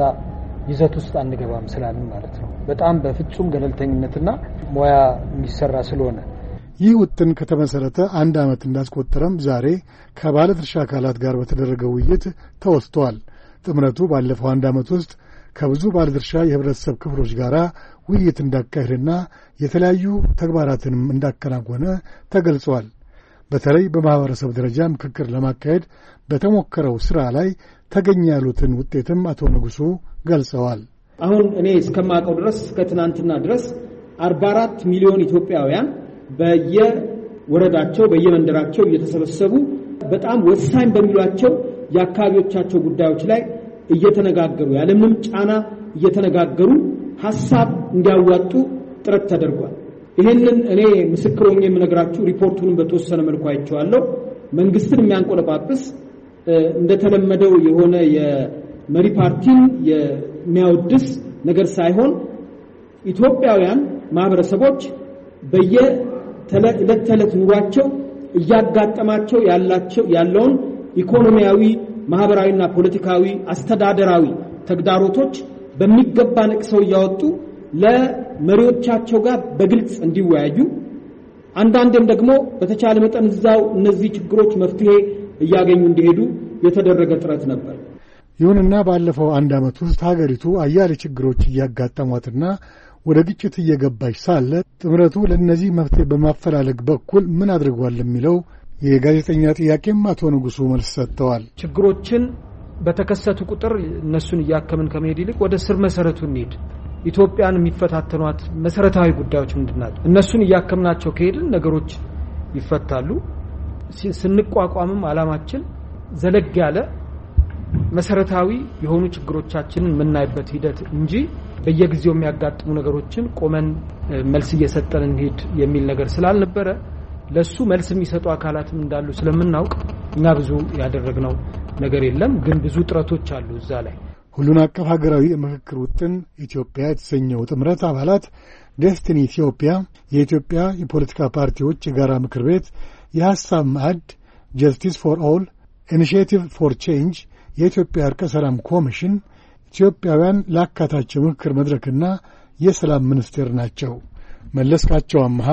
ይዘት ውስጥ አንገባም ስላልን ማለት ነው። በጣም በፍጹም ገለልተኝነትና ሙያ የሚሰራ ስለሆነ ይህ ውጥን ከተመሠረተ አንድ ዓመት እንዳስቆጠረም ዛሬ ከባለድርሻ አካላት ጋር በተደረገ ውይይት ተወስቷል። ጥምረቱ ባለፈው አንድ ዓመት ውስጥ ከብዙ ባለድርሻ የህብረተሰብ ክፍሎች ጋር ውይይት እንዳካሄድና የተለያዩ ተግባራትንም እንዳከናወነ ተገልጿል። በተለይ በማኅበረሰብ ደረጃ ምክክር ለማካሄድ በተሞከረው ሥራ ላይ ተገኘ ያሉትን ውጤትም አቶ ንጉሡ ገልጸዋል። አሁን እኔ እስከማውቀው ድረስ እስከ ትናንትና ድረስ 44 ሚሊዮን ኢትዮጵያውያን በየወረዳቸው በየመንደራቸው እየተሰበሰቡ በጣም ወሳኝ በሚሏቸው የአካባቢዎቻቸው ጉዳዮች ላይ እየተነጋገሩ ያለምንም ጫና እየተነጋገሩ ሀሳብ እንዲያዋጡ ጥረት ተደርጓል። ይህንን እኔ ምስክር ሆኜ የምነግራችሁ ሪፖርቱንም በተወሰነ መልኩ አይቼዋለሁ። መንግስትን የሚያንቆለጳጵስ እንደተለመደው የሆነ የመሪ ፓርቲን የሚያወድስ ነገር ሳይሆን ኢትዮጵያውያን ማህበረሰቦች በየዕለት ተዕለት ኑሯቸው እያጋጠማቸው ያላቸው ያለውን ኢኮኖሚያዊ፣ ማህበራዊና ፖለቲካዊ፣ አስተዳደራዊ ተግዳሮቶች በሚገባ ነቅሰው እያወጡ ለመሪዎቻቸው ጋር በግልጽ እንዲወያዩ አንዳንዴም ደግሞ በተቻለ መጠን እዛው እነዚህ ችግሮች መፍትሄ እያገኙ እንዲሄዱ የተደረገ ጥረት ነበር። ይሁንና ባለፈው አንድ ዓመት ውስጥ ሀገሪቱ አያሌ ችግሮች እያጋጠሟትና ወደ ግጭት እየገባች ሳለ ጥምረቱ ለእነዚህ መፍትሄ በማፈላለግ በኩል ምን አድርጓል የሚለው የጋዜጠኛ ጥያቄም አቶ ንጉሱ መልስ ሰጥተዋል። ችግሮችን በተከሰቱ ቁጥር እነሱን እያከምን ከመሄድ ይልቅ ወደ ስር መሰረቱ እንሄድ። ኢትዮጵያን የሚፈታተኗት መሰረታዊ ጉዳዮች ምንድን ናቸው? እነሱን እያከምናቸው ከሄድን ነገሮች ይፈታሉ። ስንቋቋምም አላማችን ዘለግ ያለ መሰረታዊ የሆኑ ችግሮቻችንን የምናይበት ሂደት እንጂ በየጊዜው የሚያጋጥሙ ነገሮችን ቆመን መልስ እየሰጠን እንሄድ የሚል ነገር ስላልነበረ ለሱ መልስ የሚሰጡ አካላትም እንዳሉ ስለምናውቅ እኛ ብዙ ያደረግነው ነገር የለም። ግን ብዙ ጥረቶች አሉ እዛ ላይ ሁሉን አቀፍ ሀገራዊ የምክክር ውጥን ኢትዮጵያ የተሰኘው ጥምረት አባላት ደስቲኒ ኢትዮጵያ፣ የኢትዮጵያ የፖለቲካ ፓርቲዎች የጋራ ምክር ቤት፣ የሐሳብ ማዕድ፣ ጀስቲስ ፎር ኦል፣ ኢኒሽቲቭ ፎር ቼንጅ፣ የኢትዮጵያ እርቀ ሰላም ኮሚሽን፣ ኢትዮጵያውያን ላካታቸው ምክክር መድረክና የሰላም ሚኒስቴር ናቸው። መለስካቸው አምሃ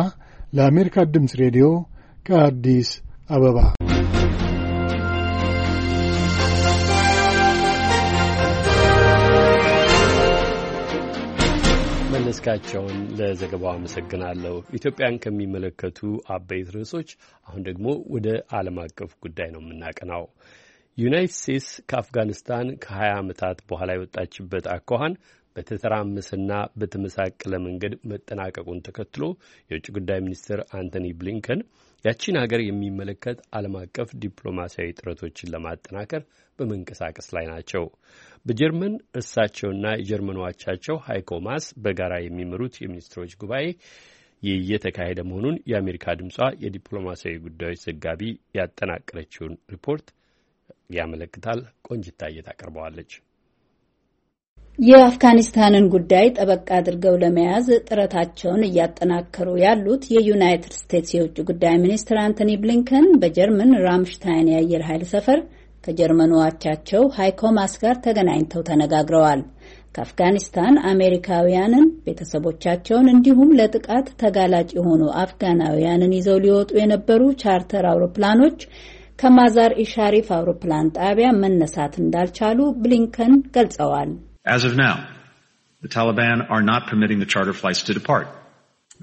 ለአሜሪካ ድምፅ ሬዲዮ ከአዲስ አበባ መለስካቸውን ለዘገባው አመሰግናለሁ። ኢትዮጵያን ከሚመለከቱ አበይት ርዕሶች አሁን ደግሞ ወደ ዓለም አቀፍ ጉዳይ ነው የምናቀናው። ዩናይትድ ስቴትስ ከአፍጋኒስታን ከ20 ዓመታት በኋላ የወጣችበት አኳኋን በተተራመሰና በተመሳቀለ መንገድ መጠናቀቁን ተከትሎ የውጭ ጉዳይ ሚኒስትር አንቶኒ ብሊንከን ያቺን ሀገር የሚመለከት ዓለም አቀፍ ዲፕሎማሲያዊ ጥረቶችን ለማጠናከር በመንቀሳቀስ ላይ ናቸው። በጀርመን እሳቸውና የጀርመን አቻቸው ሃይኮ ማስ በጋራ የሚመሩት የሚኒስትሮች ጉባኤ እየተካሄደ መሆኑን የአሜሪካ ድምጿ የዲፕሎማሲያዊ ጉዳዮች ዘጋቢ ያጠናቀረችውን ሪፖርት ያመለክታል። ቆንጅታየት ታቀርበዋለች። የአፍጋኒስታንን ጉዳይ ጠበቅ አድርገው ለመያዝ ጥረታቸውን እያጠናከሩ ያሉት የዩናይትድ ስቴትስ የውጭ ጉዳይ ሚኒስትር አንቶኒ ብሊንከን በጀርመን ራምሽታይን የአየር ኃይል ሰፈር ከጀርመኑ አቻቸው ሃይኮ ማስ ጋር ተገናኝተው ተነጋግረዋል። ከአፍጋኒስታን አሜሪካውያንን፣ ቤተሰቦቻቸውን እንዲሁም ለጥቃት ተጋላጭ የሆኑ አፍጋናውያንን ይዘው ሊወጡ የነበሩ ቻርተር አውሮፕላኖች ከማዛር ኢሻሪፍ አውሮፕላን ጣቢያ መነሳት እንዳልቻሉ ብሊንከን ገልጸዋል።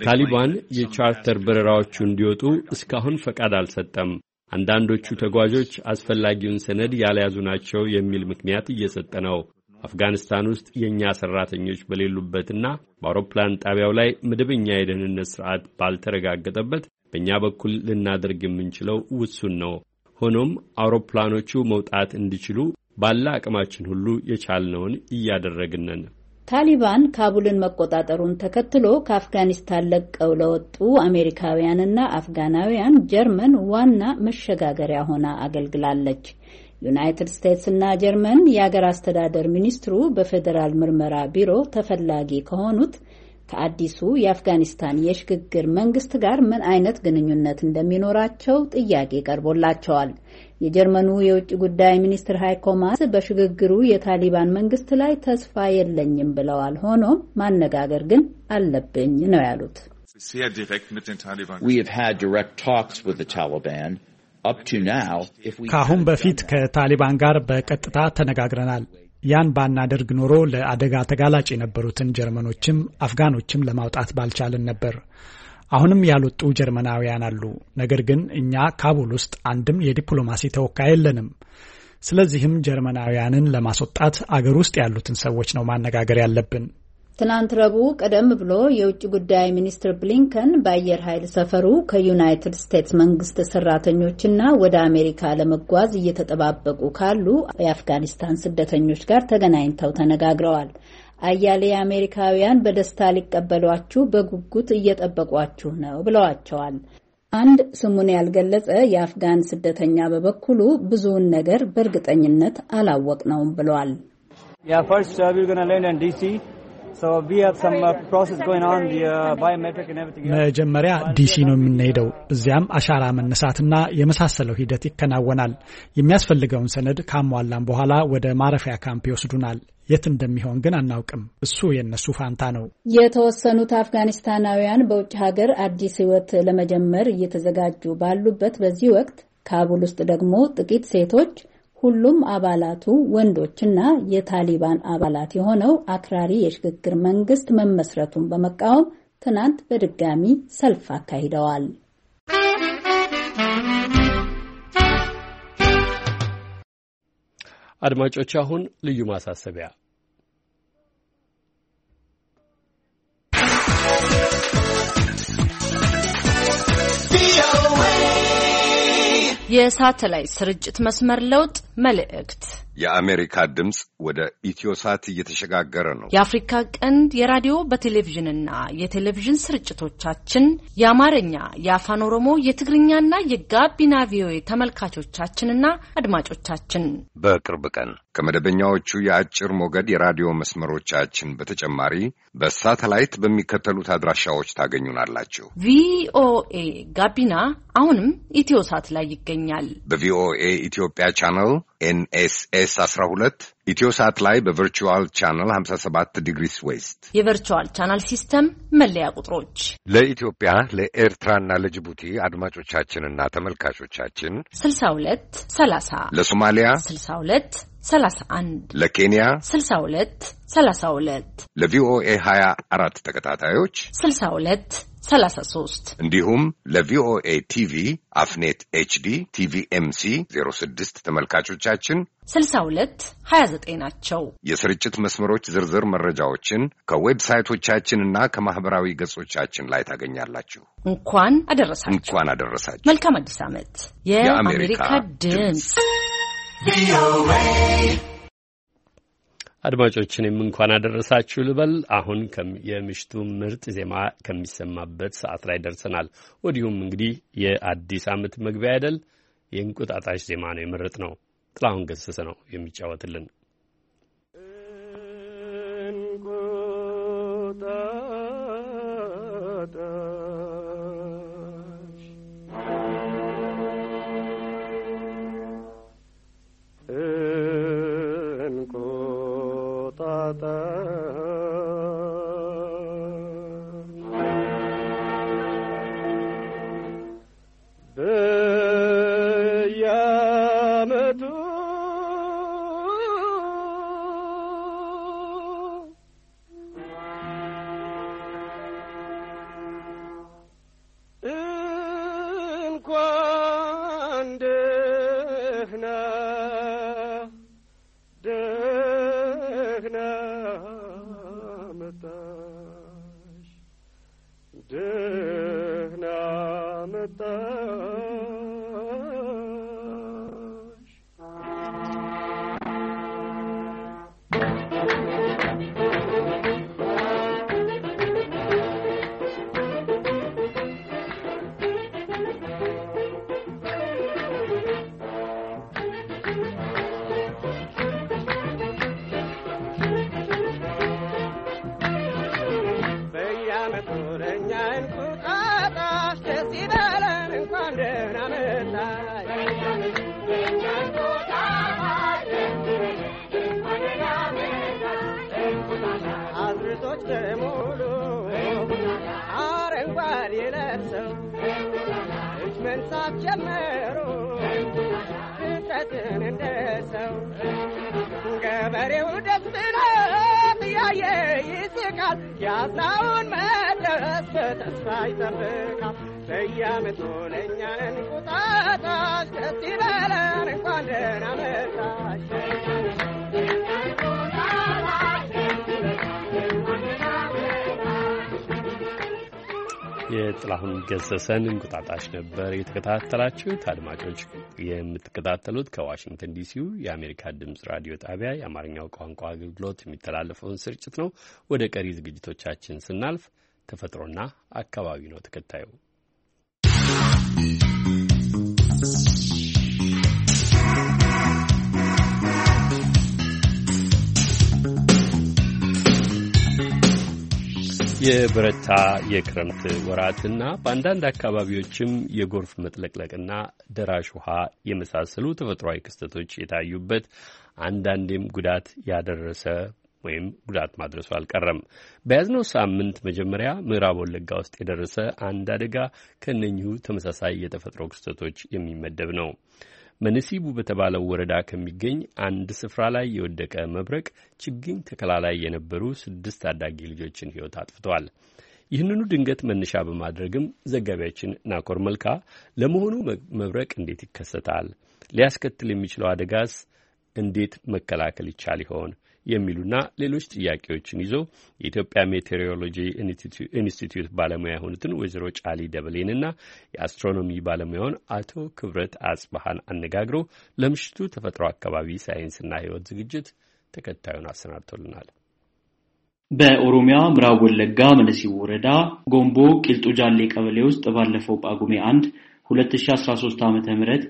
ታሊባን የቻርተር በረራዎቹ እንዲወጡ እስካሁን ፈቃድ አልሰጠም። አንዳንዶቹ ተጓዦች አስፈላጊውን ሰነድ ያልያዙ ናቸው የሚል ምክንያት እየሰጠ ነው። አፍጋኒስታን ውስጥ የእኛ ሠራተኞች በሌሉበትና በአውሮፕላን ጣቢያው ላይ መደበኛ የደህንነት ሥርዓት ባልተረጋገጠበት በእኛ በኩል ልናደርግ የምንችለው ውሱን ነው። ሆኖም አውሮፕላኖቹ መውጣት እንዲችሉ ባለ አቅማችን ሁሉ የቻልነውን እያደረግን ታሊባን ካቡልን መቆጣጠሩን ተከትሎ ከአፍጋኒስታን ለቀው ለወጡ አሜሪካውያንና አፍጋናውያን ጀርመን ዋና መሸጋገሪያ ሆና አገልግላለች። ዩናይትድ ስቴትስና ጀርመን የአገር አስተዳደር ሚኒስትሩ በፌዴራል ምርመራ ቢሮ ተፈላጊ ከሆኑት ከአዲሱ የአፍጋኒስታን የሽግግር መንግስት ጋር ምን አይነት ግንኙነት እንደሚኖራቸው ጥያቄ ቀርቦላቸዋል። የጀርመኑ የውጭ ጉዳይ ሚኒስትር ሃይኮ ማስ በሽግግሩ የታሊባን መንግስት ላይ ተስፋ የለኝም ብለዋል። ሆኖም ማነጋገር ግን አለብኝ ነው ያሉት። ከአሁን በፊት ከታሊባን ጋር በቀጥታ ተነጋግረናል። ያን ባናደርግ ኖሮ ለአደጋ ተጋላጭ የነበሩትን ጀርመኖችም አፍጋኖችም ለማውጣት ባልቻልን ነበር። አሁንም ያልወጡ ጀርመናውያን አሉ። ነገር ግን እኛ ካቡል ውስጥ አንድም የዲፕሎማሲ ተወካይ የለንም። ስለዚህም ጀርመናውያንን ለማስወጣት አገር ውስጥ ያሉትን ሰዎች ነው ማነጋገር ያለብን። ትናንት ረቡዕ ቀደም ብሎ የውጭ ጉዳይ ሚኒስትር ብሊንከን በአየር ኃይል ሰፈሩ ከዩናይትድ ስቴትስ መንግስት ሰራተኞችና ወደ አሜሪካ ለመጓዝ እየተጠባበቁ ካሉ የአፍጋኒስታን ስደተኞች ጋር ተገናኝተው ተነጋግረዋል። አያሌ አሜሪካውያን በደስታ ሊቀበሏችሁ በጉጉት እየጠበቋችሁ ነው ብለዋቸዋል። አንድ ስሙን ያልገለጸ የአፍጋን ስደተኛ በበኩሉ ብዙውን ነገር በእርግጠኝነት አላወቅ ነውም ብሏል። Uh, uh, መጀመሪያ ዲሲ ነው የምንሄደው። እዚያም አሻራ መነሳትና የመሳሰለው ሂደት ይከናወናል። የሚያስፈልገውን ሰነድ ካሟላን በኋላ ወደ ማረፊያ ካምፕ ይወስዱናል። የት እንደሚሆን ግን አናውቅም። እሱ የእነሱ ፋንታ ነው። የተወሰኑት አፍጋኒስታናውያን በውጭ ሀገር አዲስ ህይወት ለመጀመር እየተዘጋጁ ባሉበት በዚህ ወቅት ካቡል ውስጥ ደግሞ ጥቂት ሴቶች ሁሉም አባላቱ ወንዶችና የታሊባን አባላት የሆነው አክራሪ የሽግግር መንግስት መመስረቱን በመቃወም ትናንት በድጋሚ ሰልፍ አካሂደዋል። አድማጮች፣ አሁን ልዩ ማሳሰቢያ የሳተላይት ስርጭት መስመር ለውጥ መልእክት የአሜሪካ ድምፅ ወደ ኢትዮሳት እየተሸጋገረ ነው። የአፍሪካ ቀንድ የራዲዮ በቴሌቪዥንና የቴሌቪዥን ስርጭቶቻችን የአማርኛ፣ የአፋን ኦሮሞ፣ የትግርኛና የጋቢና ቪኦኤ ተመልካቾቻችንና አድማጮቻችን በቅርብ ቀን ከመደበኛዎቹ የአጭር ሞገድ የራዲዮ መስመሮቻችን በተጨማሪ በሳተላይት በሚከተሉት አድራሻዎች ታገኙናላችሁ። ቪኦኤ ጋቢና አሁንም ኢትዮሳት ላይ ይገኛል። በቪኦኤ ኢትዮጵያ ቻናል ኤንኤስኤስ 12 ኢትዮሳት ላይ በቨርቹዋል ቻናል 57 ዲግሪስ ዌስት የቨርቹዋል ቻናል ሲስተም መለያ ቁጥሮች ለኢትዮጵያ ለኤርትራና ለጅቡቲ አድማጮቻችንና ተመልካቾቻችን 62 30 ለሶማሊያ 62 31 ለኬንያ 62 32 ለቪኦኤ 24 ተከታታዮች 62 33 እንዲሁም ለቪኦኤ ቲቪ አፍኔት ኤችዲ ቲቪ ኤምሲ 06 ተመልካቾቻችን 62 29 ናቸው። የስርጭት መስመሮች ዝርዝር መረጃዎችን ከዌብሳይቶቻችንና ከማኅበራዊ ገጾቻችን ላይ ታገኛላችሁ። እንኳን አደረሳችሁ እንኳን አደረሳችሁ። መልካም አዲስ ዓመት። የአሜሪካ ድምፅ አድማጮችንም እንኳን አደረሳችሁ ልበል። አሁን የምሽቱ ምርጥ ዜማ ከሚሰማበት ሰዓት ላይ ደርሰናል። ወዲሁም እንግዲህ የአዲስ ዓመት መግቢያ አይደል? የእንቁጣጣሽ ዜማ ነው የመረጥ ነው። ጥላሁን ገሰሰ ነው የሚጫወትልን እንቁጣጣ Mata ይጠብቃል ያሳውን መድረስ በተስፋ ይጠብቃል በየዓመቱ ለእኛን እንቁጣጣሽ ደስ ይበለን እንኳን ደህና መጣሽ የጥላሁን ገሰሰን እንቁጣጣሽ ነበር የተከታተላችሁት። አድማጮች የምትከታተሉት ከዋሽንግተን ዲሲው የአሜሪካ ድምፅ ራዲዮ ጣቢያ የአማርኛው ቋንቋ አገልግሎት የሚተላለፈውን ስርጭት ነው። ወደ ቀሪ ዝግጅቶቻችን ስናልፍ ተፈጥሮና አካባቢ ነው ተከታዩ። የበረታ የክረምት ወራትና በአንዳንድ አካባቢዎችም የጎርፍ መጥለቅለቅና ደራሽ ውሃ የመሳሰሉ ተፈጥሯዊ ክስተቶች የታዩበት አንዳንዴም ጉዳት ያደረሰ ወይም ጉዳት ማድረሱ አልቀረም። በያዝነው ሳምንት መጀመሪያ ምዕራብ ወለጋ ውስጥ የደረሰ አንድ አደጋ ከእነኚሁ ተመሳሳይ የተፈጥሮ ክስተቶች የሚመደብ ነው። መነሲቡ በተባለው ወረዳ ከሚገኝ አንድ ስፍራ ላይ የወደቀ መብረቅ ችግኝ ተከላ ላይ የነበሩ ስድስት ታዳጊ ልጆችን ሕይወት አጥፍቷል። ይህንኑ ድንገት መነሻ በማድረግም ዘጋቢያችን ናኮር መልካ ለመሆኑ መብረቅ እንዴት ይከሰታል? ሊያስከትል የሚችለው አደጋስ እንዴት መከላከል ይቻል ይሆን? የሚሉና ሌሎች ጥያቄዎችን ይዞ የኢትዮጵያ ሜቴሮሎጂ ኢንስቲትዩት ባለሙያ የሆኑትን ወይዘሮ ጫሊ ደበሌንና የአስትሮኖሚ ባለሙያውን አቶ ክብረት አጽባሃን አነጋግሮ ለምሽቱ ተፈጥሮ አካባቢ ሳይንስና ሕይወት ዝግጅት ተከታዩን አሰናድቶልናል። በኦሮሚያ ምዕራብ ወለጋ መነሲው ወረዳ ጎንቦ ቂልጡ ጃሌ ቀበሌ ውስጥ ባለፈው ጳጉሜ አንድ 2013 ዓ.ም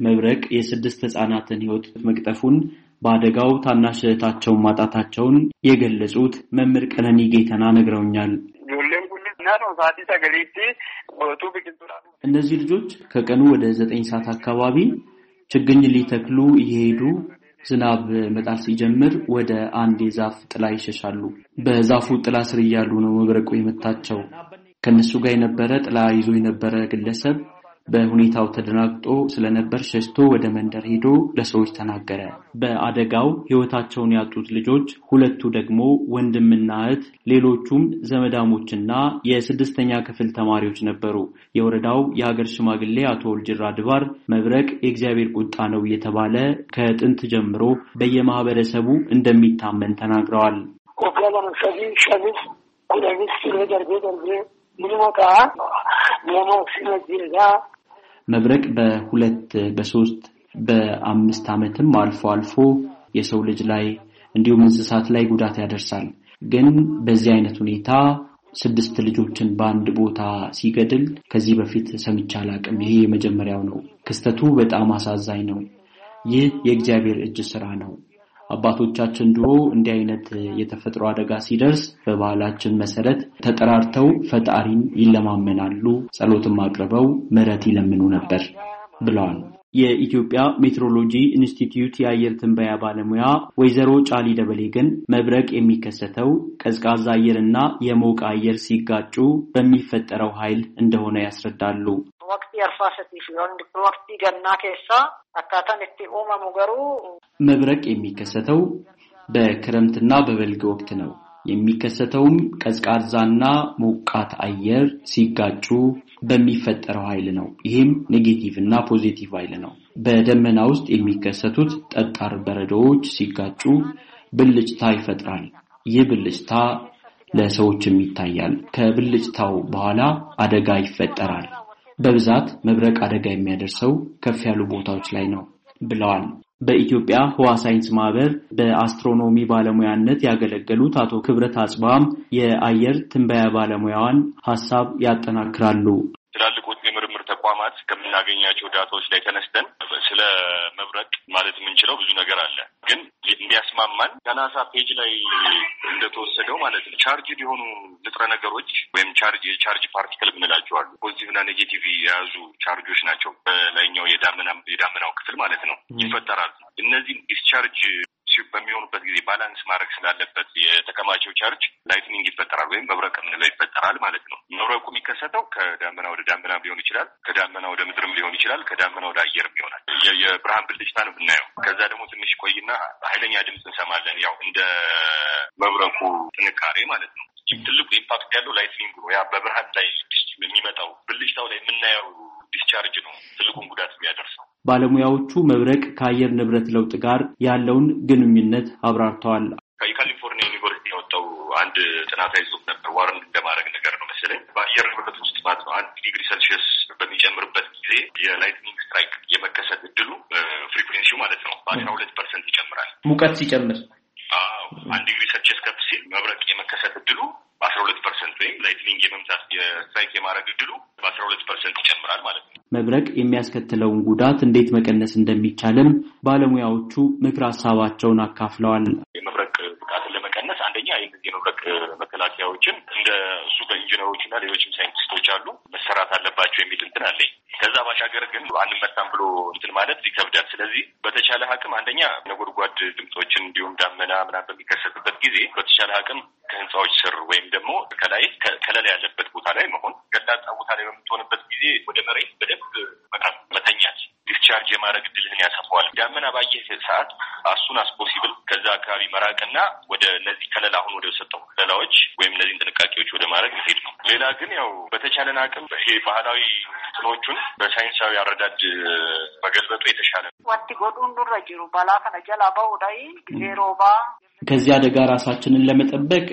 መብረቅ የስድስት ህጻናትን ህይወት መቅጠፉን በአደጋው ታናሽ እህታቸውን ማጣታቸውን የገለጹት መምህር ቀነኒ ጌተና ነግረውኛል። እነዚህ ልጆች ከቀኑ ወደ ዘጠኝ ሰዓት አካባቢ ችግኝ ሊተክሉ እየሄዱ ዝናብ መጣል ሲጀምር ወደ አንድ የዛፍ ጥላ ይሸሻሉ። በዛፉ ጥላ ስር እያሉ ነው መብረቁ የመታቸው። ከእነሱ ጋር የነበረ ጥላ ይዞ የነበረ ግለሰብ በሁኔታው ተደናግጦ ስለነበር ሸሽቶ ወደ መንደር ሄዶ ለሰዎች ተናገረ። በአደጋው ሕይወታቸውን ያጡት ልጆች ሁለቱ ደግሞ ወንድምና እህት፣ ሌሎቹም ዘመዳሞችና የስድስተኛ ክፍል ተማሪዎች ነበሩ። የወረዳው የሀገር ሽማግሌ አቶ ወልጅራ ድባር መብረቅ የእግዚአብሔር ቁጣ ነው እየተባለ ከጥንት ጀምሮ በየማህበረሰቡ እንደሚታመን ተናግረዋል። መብረቅ በሁለት በሶስት በአምስት ዓመትም አልፎ አልፎ የሰው ልጅ ላይ እንዲሁም እንስሳት ላይ ጉዳት ያደርሳል። ግን በዚህ አይነት ሁኔታ ስድስት ልጆችን በአንድ ቦታ ሲገድል ከዚህ በፊት ሰምቼ አላቅም። ይሄ የመጀመሪያው ነው። ክስተቱ በጣም አሳዛኝ ነው። ይህ የእግዚአብሔር እጅ ስራ ነው። አባቶቻችን ድሮ እንዲህ አይነት የተፈጥሮ አደጋ ሲደርስ በባህላችን መሰረት ተጠራርተው ፈጣሪን ይለማመናሉ፣ ጸሎትም አቅርበው ምሕረት ይለምኑ ነበር ብለዋል። የኢትዮጵያ ሜትሮሎጂ ኢንስቲትዩት የአየር ትንበያ ባለሙያ ወይዘሮ ጫሊ ደበሌ ግን መብረቅ የሚከሰተው ቀዝቃዛ አየርና የሞቀ አየር ሲጋጩ በሚፈጠረው ኃይል እንደሆነ ያስረዳሉ። waqtii arfaasati fi waqtii ገና ኬሳ አካታን እቲ ኡመሙ ገሩ መብረቅ የሚከሰተው በክረምትና በበልግ ወቅት ነው። የሚከሰተውም ቀዝቃዛና ሞቃት አየር ሲጋጩ በሚፈጠረው ኃይል ነው። ይህም ኔጌቲቭ እና ፖዚቲቭ ኃይል ነው። በደመና ውስጥ የሚከሰቱት ጠጣር በረዶዎች ሲጋጩ ብልጭታ ይፈጥራል። ይህ ብልጭታ ለሰዎችም ይታያል። ከብልጭታው በኋላ አደጋ ይፈጠራል። በብዛት መብረቅ አደጋ የሚያደርሰው ከፍ ያሉ ቦታዎች ላይ ነው ብለዋል። በኢትዮጵያ ህዋ ሳይንስ ማህበር በአስትሮኖሚ ባለሙያነት ያገለገሉት አቶ ክብረት አጽባም የአየር ትንበያ ባለሙያዋን ሀሳብ ያጠናክራሉ። ትላልቆቹ የምርምር ተቋማት ከምናገኛቸው ዳታዎች ላይ ተነስተን ስለ መብረቅ ማለት የምንችለው ብዙ ነገር አለ። ግን እንዲያስማማን ከናሳ ፔጅ ላይ እንደተወሰደው ማለት ነው ቻርጅ የሆኑ ንጥረ ነገሮች ወይም ቻርጅ የቻርጅ ፓርቲክል ምንላቸዋሉ ፖዚቲቭና ኔጌቲቭ የያዙ ቻርጆች ናቸው። በላይኛው የዳመናው ክፍል ማለት ነው ይፈጠራሉ። እነዚህም ዲስቻርጅ በሚሆኑበት ጊዜ ባላንስ ማድረግ ስላለበት የተከማቸው ቻርጅ ላይትኒንግ ይፈጠራል ወይም መብረቅ የምንለው ይፈጠራል ማለት ነው። መብረቁ የሚከሰተው ከዳመና ወደ ዳመና ሊሆን ይችላል፣ ከዳመና ወደ ምድርም ሊሆን ይችላል፣ ከዳመና ወደ አየርም ይሆናል። የብርሃን ብልጭታ ነው የምናየው። ከዛ ደግሞ ትንሽ ቆይና ኃይለኛ ድምፅ እንሰማለን። ያው እንደ መብረቁ ጥንካሬ ማለት ነው። ትልቁ ኢምፓክት ያለው ላይትኒንግ ነው። ያ በብርሃን ላይ የሚመጣው ብልጭታው ላይ የምናየው ዲስቻርጅ ነው ትልቁን ጉዳት የሚያደርሰው። ባለሙያዎቹ መብረቅ ከአየር ንብረት ለውጥ ጋር ያለውን ግንኙነት አብራርተዋል። ከካሊፎርኒያ ዩኒቨርሲቲ የወጣው አንድ ጥናታዊ ጽሑፍ ነበር። ዋርን እንደማድረግ ነገር ነው መሰለኝ በአየር ንብረት ውስጥ ማለት ነው አንድ ዲግሪ ሴልሺየስ በሚጨምርበት ጊዜ የላይትኒንግ ስትራይክ የመከሰት እድሉ ፍሪኩዌንሲው ማለት ነው በአስራ ሁለት ፐርሰንት ይጨምራል ሙቀት ሲጨምር አዎ አንድ ዲግሪ ሴልሺየስ ከፍ ሲል መብረቅ የመከሰት እድሉ በአስራ ሁለት ፐርሰንት ወይም ላይትኒንግ የመምታት የስትራይክ የማድረግ እድሉ በአስራ ሁለት ፐርሰንት ይጨምራል ማለት ነው። መብረቅ የሚያስከትለውን ጉዳት እንዴት መቀነስ እንደሚቻልም ባለሙያዎቹ ምክር ሀሳባቸውን አካፍለዋል። የመብረቅ ብቃትን ለመቀነስ አንደኛ የዚህ የመብረቅ መከላከያዎችን እንደ እሱ በኢንጂነሮች እና ሌሎችም ሳይንቲስቶች አሉ መሰራት አለባቸው የሚል እንትን አለኝ ከዛ ባሻገር ግን አንመታም ብሎ እንትን ማለት ይከብዳል። ስለዚህ በተቻለ አቅም አንደኛ ነጎድጓድ ድምፆችን እንዲሁም ዳመና ምናምን በሚከሰትበት ጊዜ በተቻለ አቅም ከህንፃዎች ስር ወይም ደግሞ ከላይ ከለላ ያለበት ቦታ ላይ መሆን፣ ገላጣ ቦታ ላይ በምትሆንበት ጊዜ ወደ መሬት በደንብ መቃት መተኛት ዲስቻርጅ የማድረግ እድልህን ያሰፋዋል። ዳመና ባየህ ሰዓት አሱን አስፖሲብል ከዛ አካባቢ መራቅና ወደ እነዚህ ከለላ አሁን ወደ ሰጠው ከለላዎች ወይም እነዚህን ጥንቃቄዎች ወደ ማድረግ መሄድ ነው። ሌላ ግን ያው በተቻለን አቅም ይሄ ባህላዊ ትኖቹን በሳይንሳዊ አረዳድ መገልበጡ የተሻለ ነው። ጎዱን ኑረ ጅሩ ባላ ከነ ጊዜ ሮባ ከዚህ አደጋ ራሳችንን ለመጠበቅ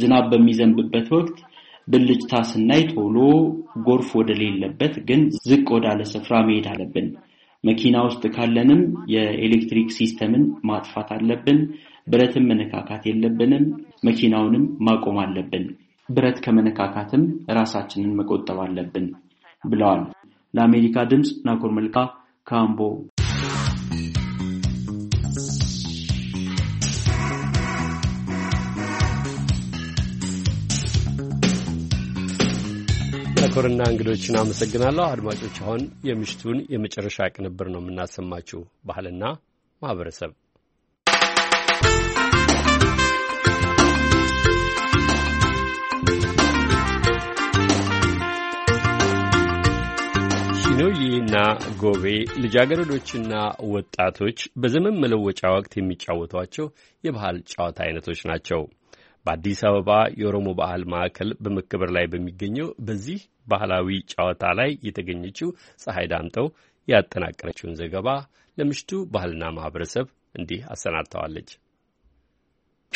ዝናብ በሚዘንብበት ወቅት ብልጭታ ስናይ ቶሎ ጎርፍ ወደሌለበት ግን ዝቅ ወዳለ ስፍራ መሄድ አለብን። መኪና ውስጥ ካለንም የኤሌክትሪክ ሲስተምን ማጥፋት አለብን። ብረትን መነካካት የለብንም። መኪናውንም ማቆም አለብን። ብረት ከመነካካትም ራሳችንን መቆጠብ አለብን ብለዋል። ለአሜሪካ ድምፅ ናኮር መልካ ካምቦ አኮርና እንግዶችን አመሰግናለሁ። አድማጮች፣ አሁን የምሽቱን የመጨረሻ ቅንብር ነው የምናሰማችሁ። ባህልና ማህበረሰብ ሺኖዬና ጎቤ ልጃገረዶችና ወጣቶች በዘመን መለወጫ ወቅት የሚጫወቷቸው የባህል ጨዋታ አይነቶች ናቸው። በአዲስ አበባ የኦሮሞ ባህል ማዕከል በመከበር ላይ በሚገኘው በዚህ ባህላዊ ጨዋታ ላይ የተገኘችው ፀሐይ ዳምጠው ያጠናቀረችውን ዘገባ ለምሽቱ ባህልና ማህበረሰብ እንዲህ አሰናድተዋለች።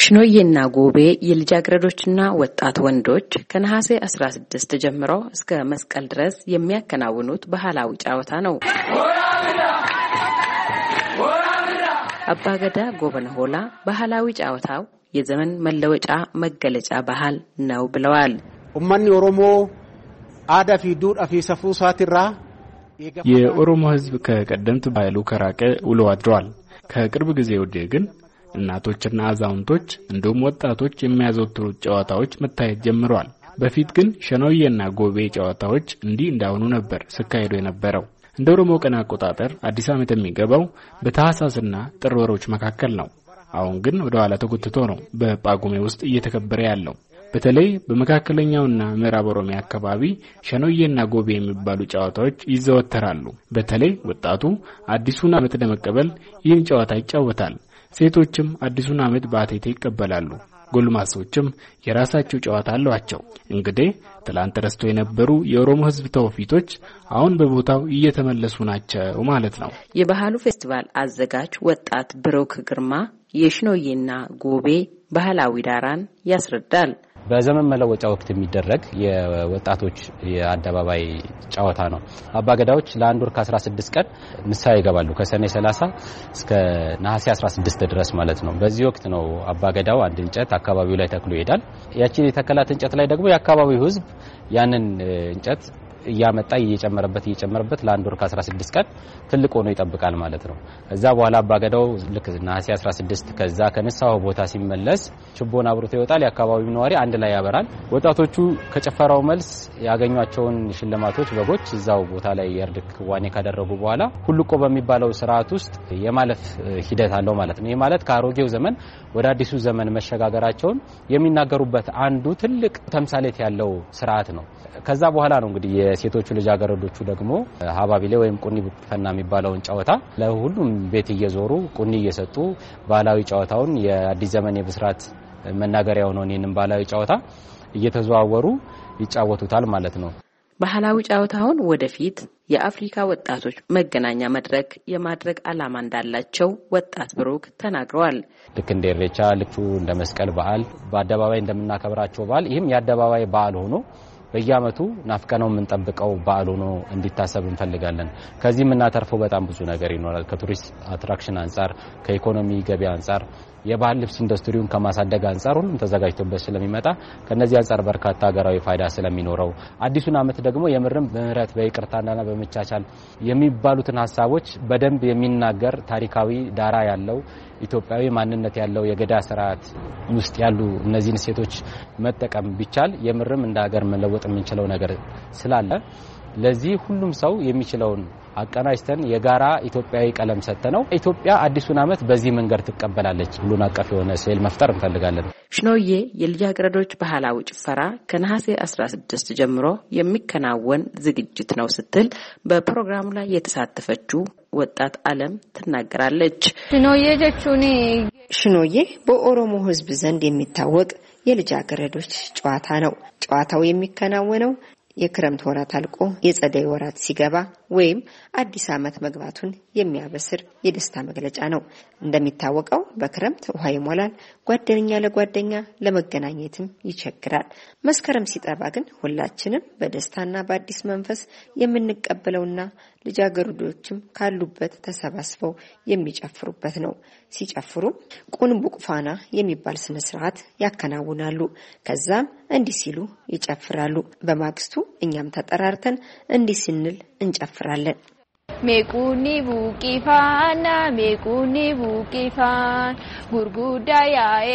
ሽኖዬና ጎቤ የልጃገረዶችና ወጣት ወንዶች ከነሐሴ 16 ጀምሮ እስከ መስቀል ድረስ የሚያከናውኑት ባህላዊ ጨዋታ ነው። አባገዳ ጎበነ ሆላ ባህላዊ ጨዋታው የዘመን መለወጫ መገለጫ ባህል ነው ብለዋል። ኡማኒ ኦሮሞ አዳ ፊ ዱር ፊ ሰፉ ሳትራ የኦሮሞ ህዝብ ከቀደምት ባህሉ ከራቀ ውሎ አድሯል። ከቅርብ ጊዜ ወዲህ ግን እናቶችና አዛውንቶች እንዲሁም ወጣቶች የሚያዘወትሩት ጨዋታዎች መታየት ጀምረዋል። በፊት ግን ሸኖዬና ጎቤ ጨዋታዎች እንዲህ እንዳሁኑ ነበር ሲካሄዱ የነበረው። እንደ ኦሮሞ ቀን አቆጣጠር አዲስ ዓመት የሚገባው በታህሳስና ጥር ወሮች መካከል ነው። አሁን ግን ወደ ኋላ ተጎትቶ ነው በጳጉሜ ውስጥ እየተከበረ ያለው። በተለይ በመካከለኛውና ምዕራብ ኦሮሚያ አካባቢ ሸኖዬና ጎቤ የሚባሉ ጨዋታዎች ይዘወተራሉ። በተለይ ወጣቱ አዲሱን ዓመት ለመቀበል ይህን ጨዋታ ይጫወታል። ሴቶችም አዲሱን ዓመት በአቴቴ ይቀበላሉ። ጎልማሶችም የራሳቸው ጨዋታ አሏቸው። እንግዲህ ትላንት ረስቶ የነበሩ የኦሮሞ ሕዝብ ተውፊቶች አሁን በቦታው እየተመለሱ ናቸው ማለት ነው። የባህሉ ፌስቲቫል አዘጋጅ ወጣት ብሩክ ግርማ የሽኖዬና ጎቤ ባህላዊ ዳራን ያስረዳል። በዘመን መለወጫ ወቅት የሚደረግ የወጣቶች የአደባባይ ጨዋታ ነው። አባገዳዎች ለአንድ ወር ከ16 ቀን ንስሐ ይገባሉ። ከሰኔ 30 እስከ ነሐሴ 16 ድረስ ማለት ነው። በዚህ ወቅት ነው አባገዳው አንድ እንጨት አካባቢው ላይ ተክሎ ይሄዳል። ያችን የተከላት እንጨት ላይ ደግሞ የአካባቢው ሕዝብ ያንን እንጨት እያመጣ እየጨመረበት እየጨመረበት ለአንድ ወር ከ16 ቀን ትልቅ ሆኖ ይጠብቃል ማለት ነው። እዛ በኋላ አባገዳው ልክ ነሐሴ 16 ከዛ ከንስሐው ቦታ ሲመለስ ችቦን አብርቶ ይወጣል። የአካባቢው ነዋሪ አንድ ላይ ያበራል። ወጣቶቹ ከጭፈራው መልስ ያገኟቸውን ሽልማቶች በጎች እዛው ቦታ ላይ የእርድ ክዋኔ ካደረጉ በኋላ ሁልቆ በሚባለው ስርዓት ውስጥ የማለፍ ሂደት አለው ማለት ነው። ይህ ማለት ከአሮጌው ዘመን ወደ አዲሱ ዘመን መሸጋገራቸውን የሚናገሩበት አንዱ ትልቅ ተምሳሌት ያለው ስርዓት ነው። ከዛ በኋላ ነው እንግዲህ ሴቶቹ ልጃገረዶቹ ደግሞ ሀባቢሌ ወይም ቁኒ ፈና የሚባለውን ጨዋታ ለሁሉም ቤት እየዞሩ ቁኒ እየሰጡ ባህላዊ ጨዋታውን የአዲስ ዘመን የብስራት መናገሪያ የሆነውን ይህንን ባህላዊ ጨዋታ እየተዘዋወሩ ይጫወቱታል ማለት ነው። ባህላዊ ጨዋታውን ወደፊት የአፍሪካ ወጣቶች መገናኛ መድረክ የማድረግ ዓላማ እንዳላቸው ወጣት ብሩክ ተናግረዋል። ልክ እንደ ኢሬቻ፣ ልክ እንደ መስቀል በዓል በአደባባይ እንደምናከብራቸው በዓል ይህም የአደባባይ በዓል ሆኖ በየአመቱ ናፍቀነው የምንጠብቀው በዓል ሆኖ እንዲታሰብ እንፈልጋለን። ከዚህ የምናተርፈው በጣም ብዙ ነገር ይኖራል። ከቱሪስት አትራክሽን አንጻር፣ ከኢኮኖሚ ገበያ አንጻር የባህል ልብስ ኢንዱስትሪውን ከማሳደግ አንጻር ሁሉም ተዘጋጅቶበት ስለሚመጣ ከነዚህ አንጻር በርካታ ሀገራዊ ፋይዳ ስለሚኖረው አዲሱን ዓመት ደግሞ የምርም በምህረት በይቅርታና በመቻቻል የሚባሉትን ሀሳቦች በደንብ የሚናገር ታሪካዊ ዳራ ያለው ኢትዮጵያዊ ማንነት ያለው የገዳ ስርዓት ውስጥ ያሉ እነዚህን ሴቶች መጠቀም ቢቻል የምርም እንደ ሀገር መለወጥ የምንችለው ነገር ስላለ ለዚህ ሁሉም ሰው የሚችለውን አቀናጅተን የጋራ ኢትዮጵያዊ ቀለም ነው ኢትዮጵያ አዲሱን ዓመት በዚህ መንገድ ትቀበላለች። ሁሉን አቀፍ የሆነ ስዕል መፍጠር እንፈልጋለን። ሽኖዬ የልጃገረዶች ባህላዊ ጭፈራ ከነሐሴ 16 ጀምሮ የሚከናወን ዝግጅት ነው ስትል በፕሮግራሙ ላይ የተሳተፈችው ወጣት አለም ትናገራለች። ሽኖዬ ጀቹኒ ሽኖዬ በኦሮሞ ህዝብ ዘንድ የሚታወቅ የልጃገረዶች ጨዋታ ነው። ጨዋታው የሚከናወነው የክረምት ወራት አልቆ የጸደይ ወራት ሲገባ ወይም አዲስ ዓመት መግባቱን የሚያበስር የደስታ መግለጫ ነው። እንደሚታወቀው በክረምት ውሃ ይሞላል፣ ጓደኛ ለጓደኛ ለመገናኘትም ይቸግራል። መስከረም ሲጠባ ግን ሁላችንም በደስታና በአዲስ መንፈስ የምንቀበለውና ልጃገረዶችም ካሉበት ተሰባስበው የሚጨፍሩበት ነው። ሲጨፍሩም ቁንቡቅፋና የሚባል ስነ ስርዓት ያከናውናሉ። ከዛም እንዲህ ሲሉ ይጨፍራሉ። በማግስቱ እኛም ተጠራርተን እንዲህ ስንል እንጨፍራለን። ሜቁኒ ቡቂፋና ሜቁኒ ቡቂፋን ጉርጉዳ ያኤ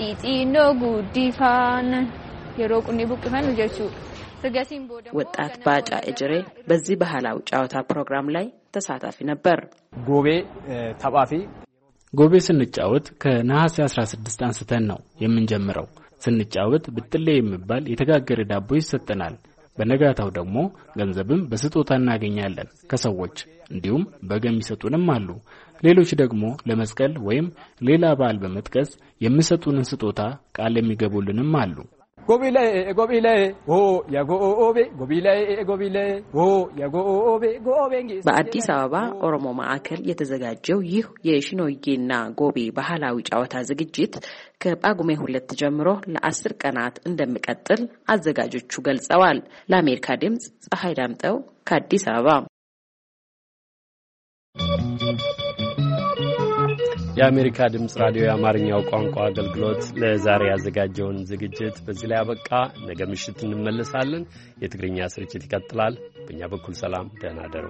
ጢጢኖ ጉዲፋን የሮ ቁኒ ቡቂፋን ጀቹ ወጣት ባጫ እጅሬ በዚህ ባህላዊ ጨዋታ ፕሮግራም ላይ ተሳታፊ ነበር። ጎቤ ተባፊ ጎቤ ስንጫወት ከነሐሴ 16 አንስተን ነው የምንጀምረው። ስንጫወት ብጥሌ የሚባል የተጋገረ ዳቦ ይሰጠናል። በነጋታው ደግሞ ገንዘብም በስጦታ እናገኛለን ከሰዎች እንዲሁም በገም ይሰጡንም አሉ። ሌሎች ደግሞ ለመስቀል ወይም ሌላ በዓል በመጥቀስ የሚሰጡንን ስጦታ ቃል የሚገቡልንም አሉ። gobilee gobilee የጎኦቤ gobilee gobilee የጎኦቤ ጎኦቤ በአዲስ አበባ ኦሮሞ ማዕከል የተዘጋጀው ይህ የሽኖዬና ጎቤ ባህላዊ ጨዋታ ዝግጅት ከጳጉሜ ሁለት ጀምሮ ለአስር ቀናት እንደሚቀጥል አዘጋጆቹ ገልጸዋል። ለአሜሪካ ድምጽ ፀሐይ ዳምጠው ከአዲስ አበባ Thank you. የአሜሪካ ድምፅ ራዲዮ የአማርኛው ቋንቋ አገልግሎት ለዛሬ ያዘጋጀውን ዝግጅት በዚህ ላይ አበቃ። ነገ ምሽት እንመለሳለን። የትግርኛ ስርጭት ይቀጥላል። በእኛ በኩል ሰላም፣ ደህና አደሩ።